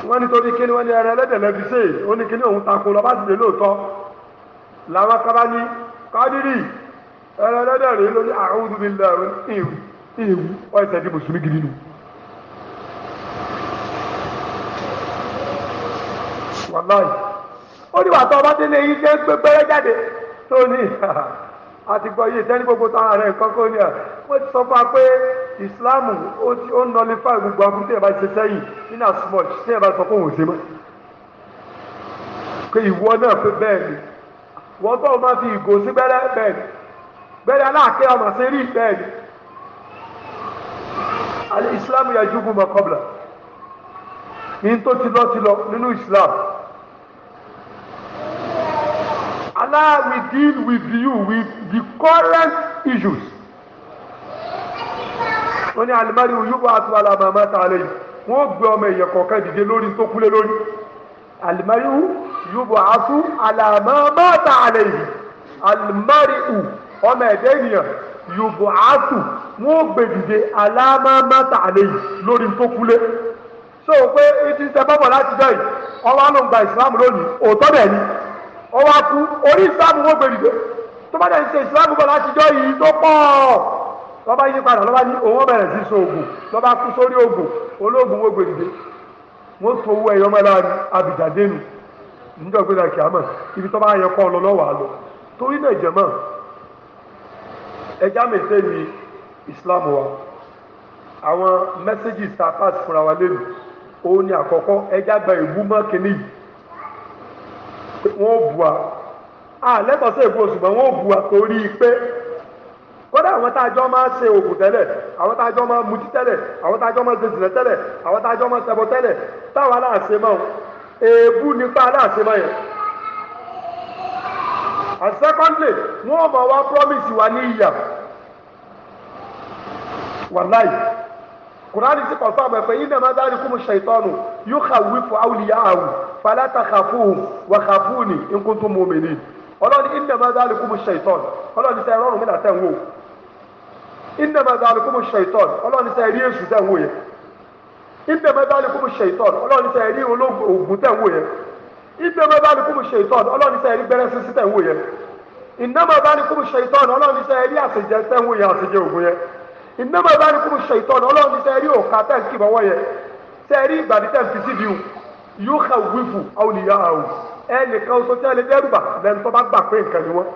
wọ́n nítorí kí ni wọ́n ní ẹran ẹlẹ́dẹ̀ lẹ́bi sí i ó ní kí ni òun takò lọ́ba sì lè lóòótọ́ làwọn kaba ní kádírì ẹlẹ́dẹ̀ rèé lórí a'udhu billahi ìwù ìwù ọ̀ ẹ̀sẹ̀ di mùsùlùmí gidi nù. wàláì ó ní wàtọ́ ọba délé yìí jẹ́ gbẹgbẹ́rẹ́ jáde tó ní àti gbọ́ yìí sẹ́ni gbogbo tó ara rẹ̀ kọ́kọ́ ní à wọ́n ti sọ fún wa pé ìsìláàmù ó ti ó nọlé fáì gbogbo akúté ẹ̀ ṣe sẹ́yìn nínú àsùnmọ̀ ṣe ẹ̀ sọ fún òun pé ìwọ náà pé bẹ́ẹ̀ ni wọ́n tó máa fi ìgò sí gbẹ́rẹ́ bẹ́ẹ̀ ni gbẹ́rẹ́ aláàkẹ́ ọmọ sí rí bẹ́ẹ̀ ni alìsílámù yẹ jùgùn mọ́ kọ́bùlà ní tó ti lọ ti lọ nínú islam Allah we deal with you with the current issues wọ́n ní alimari yóò wá àtúwàlà màmá tààlẹ́ yìí wọ́n gbé ọmọ èèyàn kọ̀ọ̀kan dìde lórí tó kúlé lórí alimariu yubọ asu alama mata aleyi alimariu ọmọ ẹdẹ ènìyàn yubọ asu wọn ò gbèdìde alama mata aleyi lórí tó kulé so pé etí sẹ bọbọ láti jọ yìí ọwọ àlùm gba ìsìlámù lónìí òótọ́ bẹ́ẹ̀ ni ọwọ akú orí ìsìlámù wọn ò gbèdìde tó bá dẹ̀ ń ṣe ìsìlámù bọ̀ láti jọ yìí tó pọ̀ lọ́ba yí padà lọ́ba ní òun bẹ̀rẹ̀ sí so oògùn lọ́ba kú sórí oògùn olóògùn wo gbèdìde wọ́n tó owó ẹ̀yọ́ mọ́lá abidjadénu níjọ́ gbéra kìámọ̀ ibi tó bá yẹ kọ́ lọ lọ́wọ́ àlọ́ torí náà jẹ̀mọ́ ẹja mẹ́sẹ̀ ni Islam wa àwọn mẹ́sẹ́gì tá a pass fúnra wa lẹ́nu òun ni àkọ́kọ́ ẹja gba ìbú mọ́ kínní yìí wọ́n bù wa àlẹ́kọ̀ọ́sẹ̀ ìbú oṣù mọ́ wọ́n bù wa torí pé kódà àwọn tá a jọ máa ṣe òògùn tẹ́lẹ̀ àwọn tá a jọ máa mutí tẹ́lẹ̀ àwọn tá a jọ máa ṣe jìnà tẹ́lẹ̀ àwọn tá a jọ máa ṣẹbọ tẹ́lẹ̀ táwa aláàṣẹ mọ́ èébú nípa aláàṣẹ mọ́ yẹn. and secondly wọ́n mọ̀ wá promise wa ní ìyà wàláì kùránì sì kọ̀ fáwọn ẹ̀fẹ̀ yìí nàmá dárí kúmu ṣètọ́nù yóò kà wí fún àwùlíyá àwù falata kàfóhùn wà kàfóhùn ní nkúntùmùmí ni ọlọ́ni ìnàmá dárí kúmu ṣètọ́nù ọlọ́ni sẹ́yìn rọrùn mi nà tẹ̀ ń wò ìdẹ̀mẹ̀ dàlú kó mo ṣe ìtọ́n ọlọ́run sẹ́ rí èṣù tẹ̀ ń wò yẹn ìdẹ̀mẹ̀ dàlú kó mo ṣe ìtọ́n ọlọ́run sẹ́ rí oògùn tẹ̀ ń wò yẹn ìdẹ̀mẹ̀ dàlú kó mo ṣe ìtọ́n ọlọ́run sẹ́ rí gbẹ́rẹ́ ògùn yẹn ìdẹ̀mẹ̀ dàlú kó mo ṣe ìtọ́n òkà tẹ̀ ń kì mọ́wọ́ yẹn ìgbàdí tẹ̀ ń fi síbi yóò kà wífù àwòlíyá àwò ẹnìkan oṣù tí a lè dẹ́rù bà lẹ́nu tó bá gbà pé nǹkan ni wọ́n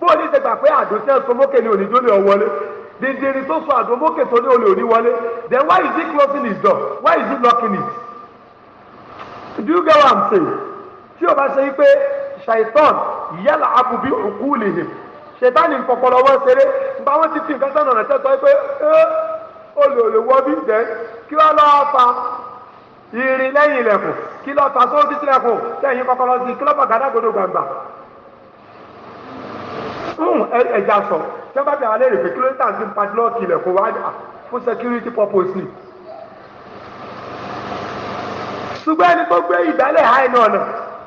bó o ní ṣe gbà pé àdùnsẹ́ sọmókè ni òníjó lè wọlé dìndìnrín tó sọ àdùnmókè tó ní olè òní wọlé then why is he closing his door why is he locking it do you get what i'm saying tí o bá ṣe yí pé ṣàìtàn yálà àbùbí òkú lèhìn ṣètánì kọ̀kọ̀lọ̀ wọ́n ṣeré nípa wọ́n ti fi nǹkan sọ̀nà ọ̀nà tẹ́tọ́ pé olè òlè wọ́ bí dẹ́ kí wọ́n lọ́ọ́ fa irin lẹ́yìn ilẹ̀kùn kí lọ́ọ́ fa sóòtítì ilẹ̀kùn tẹ̀yìn kọ̀kọ̀lọ̀ sí kí lọ́ọ́ fa gàdágodo gbàgbà Hmm, ẹja sọ sábà bí alẹ́ rẹ̀ pé kí ló tà sí padlọ́ọ̀kì ilẹ̀kùn wa fún security purpose ni. ṣùgbọ́n ẹni tó gbé ìdálẹ̀ àìnà ọ̀nà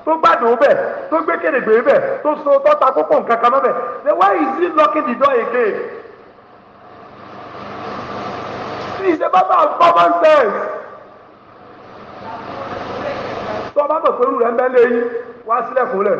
tó gbàdùn bẹ̀ tó gbé kèrègbè bẹ̀ tó so tó ta kókó nǹkan kan mọ́bẹ̀ then why is he locking the door again? this is a matter of common sense. tó o bá mọ̀ pé irú rẹ̀ ń bẹ́ lé yín wá sílẹ̀kùn lẹ̀.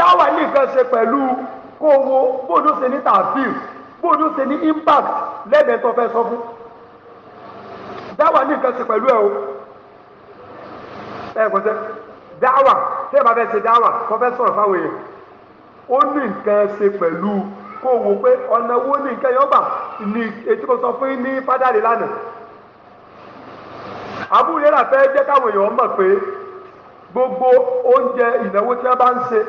dáwà ní nǹkan ṣe pẹ̀lú kó wo bóòdó ṣe ní tàfíù bóòdó ṣe ní impact lẹ́gbẹ̀ẹ́ tó fẹ́ sọ fún dáwà ní nǹkan ṣe pẹ̀lú ẹ̀ o ẹ kò sẹ́ dáwà tí ẹ bá fẹ́ ṣe dáwà tó fẹ́ sọ̀rọ̀ fáwọn èèyàn ó ní nǹkan ṣe pẹ̀lú kó wo pé ọ̀nà wo ní nǹkan yọ̀ọ́ gbà ní etí kò sọ fún yín ní fádàlì lánàá àbúrò yẹn là fẹ́ jẹ́ káwọn èèyàn mọ̀ pé gbogbo oúnjẹ ìnáwó tí wọ́n bá ń ṣe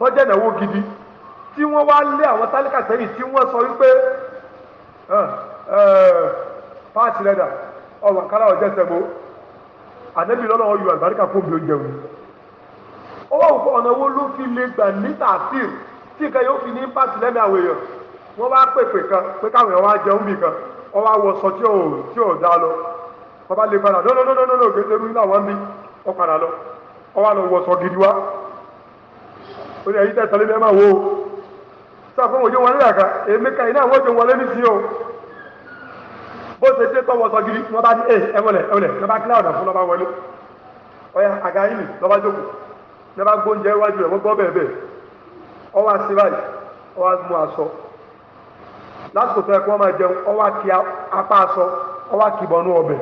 tọ́jà ìnáwó gidi tí wọ́n wá lé àwọn tálíkà sẹ́yìn tí wọ́n sọ wípé páàtì lẹ́dà ọ̀rọ̀ àkàrà ọ̀jẹ̀ sẹ́gbó ànẹ́bí lọ́nà ọ̀yọ̀ àgbàríkà fún mi ò jẹun ó wà ọ̀nà owó ló fi lè gbà ní pé káwọn èèyàn wá jẹun bì kan wọ́n wá tí ò tí ò dá lọ wọ́n bá mi lọ ó ní ẹ̀yìn tẹ̀sán lẹ́mẹ̀ wo sáfún òjò wọn nílẹ̀ kan èmi ka iná àwọn òjò wọn lẹ́nu sí o bó ṣe dé tọwọ́ sọ gidi wọn bá ní ẹ eh, ẹ wọlé ẹ wọlé ní bá kílá ọ̀dà fún lọ́ba wọlé ọ̀yà àga yìí lọ́ba jókòó ní bá gbóúnjẹ iwájú rẹ̀ wọ́n gbọ́ bẹ́ẹ̀ bẹ́ẹ̀ ọwọ́ àṣìwáyì ọwọ́ mú aṣọ lásìkò tó yẹ kí wọ́n máa jẹun ọwọ́ àti apá aṣọ ọwọ́ àkìbọnú ọbẹ̀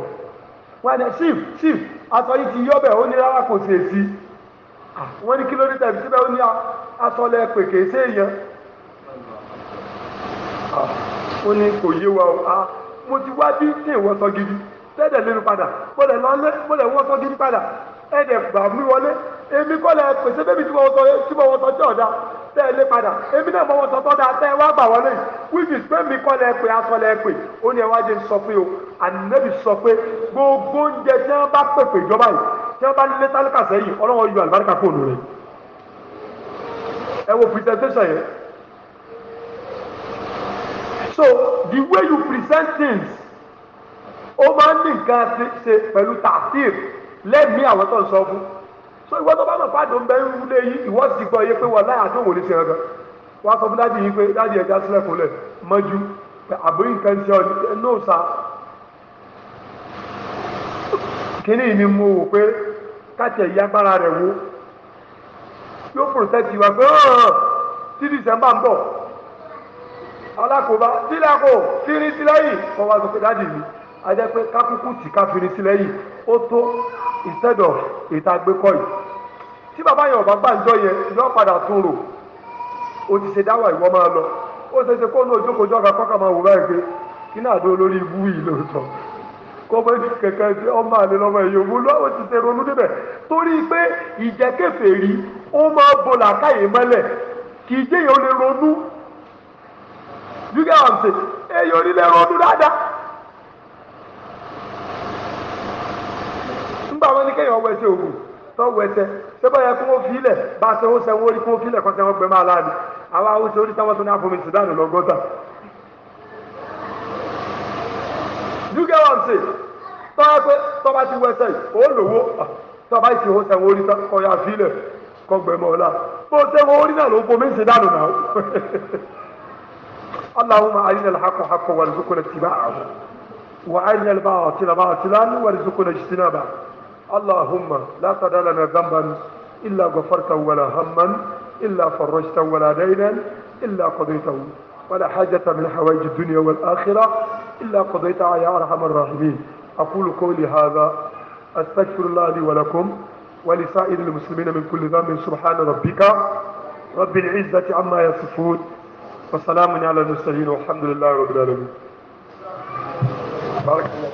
wọn ẹ̀ chief chief aṣọ yìí ti yọ bẹ́ẹ̀ ó ní rárá kò sí èsì wọ́n ní kí ló dé tẹ̀sí síbẹ̀ ó ní asọ́lẹ̀ pè kèé sí èèyàn ó ní kò yé wa o mo ti wá bí tí ìwọ sọ gidi tẹ́lẹ̀ lẹ́nu padà bọ́lẹ̀ lọ́lẹ́ bọ́lẹ̀ wọ́n sọ gidi padà ẹ̀dẹ̀ gbà mí wọlé èmi kọ́ lẹ pèsè bébí tí mo wọ́n sọ tí ọ̀dà tẹ́lẹ̀ padà èmi náà mọ̀ wọ́n sọ tọ́da tẹ́ wá gbà wọlé wíjì pé mi kọ́ lẹ pé aṣọ lẹ pé ó ní ẹ wá jẹ́ sọ pé o ànínẹ́bì sọ pé gbogbo oúnjẹ tí wọ́n bá pèpè ìjọba yìí tí wọ́n bá lé tálíkà sẹ́yìn ọlọ́wọ́ yọ àlùbáríkà fóònù rẹ̀ ẹ presentation yẹn so the way you present things ó máa ń ní nǹkan ṣe pẹ̀lú tàfíìr lẹ́mìí àwọn tó ń sọ fún so ìwọ tó bá mọ̀ fáàdùn ń bẹ ń wúlé yìí ìwọ sì gbọ́ iye pé wọ́n láyà tó wò ní ṣe gangan wọ́n á sọ fún dáàdi yìí pé dáàdi ẹ̀dá sílẹ̀ fúnlẹ̀ mọ́jú àbúrò nǹkan ṣe ọ̀nà náà sá kínní ni mo wò pé káàtì ẹ̀yà agbára rẹ̀ wo yóò protect wa pé tí december ń bọ̀ alákòóbá sílẹ̀kò fírin sílẹ̀ yìí kọ́ wa sọ pé dáàdì mi a jẹ́ pé kákúkú tì ká fírin sílẹ̀ yìí ó tó instead of ètò àgbékọ́ yìí tí bàbá yẹn ọ̀bá gbàǹjọ́ yẹn yọ padà tún rò o ti ṣe dáwà ìwọ máa lọ ó ṣe ṣe kó ní ojókòjọ́ kan kọ́kà máa wò báyìí pé kí náà dó lórí ibú yìí lóòótọ́ kọ́mọ́tì kẹ̀kẹ́ ṣe ọmọ àlè lọ́mọ ẹ̀yìn òun lọ́wọ́ ti ṣe ronú níbẹ̀ torí pé ìjẹ́kẹ̀fẹ̀rí ó máa bo làákàyè mọ́lẹ̀ kì í jẹ́yìn ó lè ronú yúgẹ́ ọ̀sẹ̀ ẹ̀yìn onílẹ̀ ronú dáadáa. wọn ní a ṣe wọ́n ṣe you get what i'm saying tọ́wọ́ pé tọ́ba ti wẹsẹ̀ yìí ó lówó ah, tọ́ba ti wọ́n sẹ́wọ́n orí kọ́ya fílẹ̀ kọ́gbẹ̀mọ́ ọ̀la bó sẹ́wọ́n orí náà ló bomi ṣe dànù náà allahumma arina alhaqa haqqa warzuqna ittiba'ahu wa arina albatila batilan warzuqna ijtinaba allahumma la tada lana dhanban illa ghafartahu wala hamman illa farajtahu wala daynan illa qadaytahu ولا حاجة من حوائج الدنيا والآخرة إلا قضيتها يا أرحم الراحمين أقول قولي هذا أستغفر الله لي ولكم ولسائر المسلمين من كل ذنب سبحان ربك رب العزة عما يصفون وسلام على المرسلين والحمد لله رب العالمين بارك الله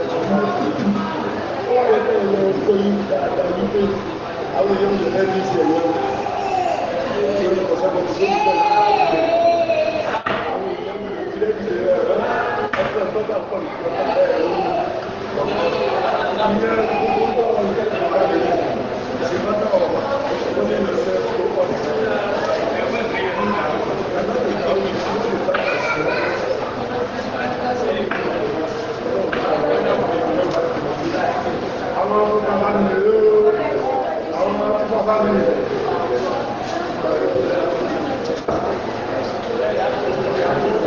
àwọn ẹ̀yẹ ẹ̀kọ́ Thank you. àwọn bàbá mi ló àwọn bàbá mi.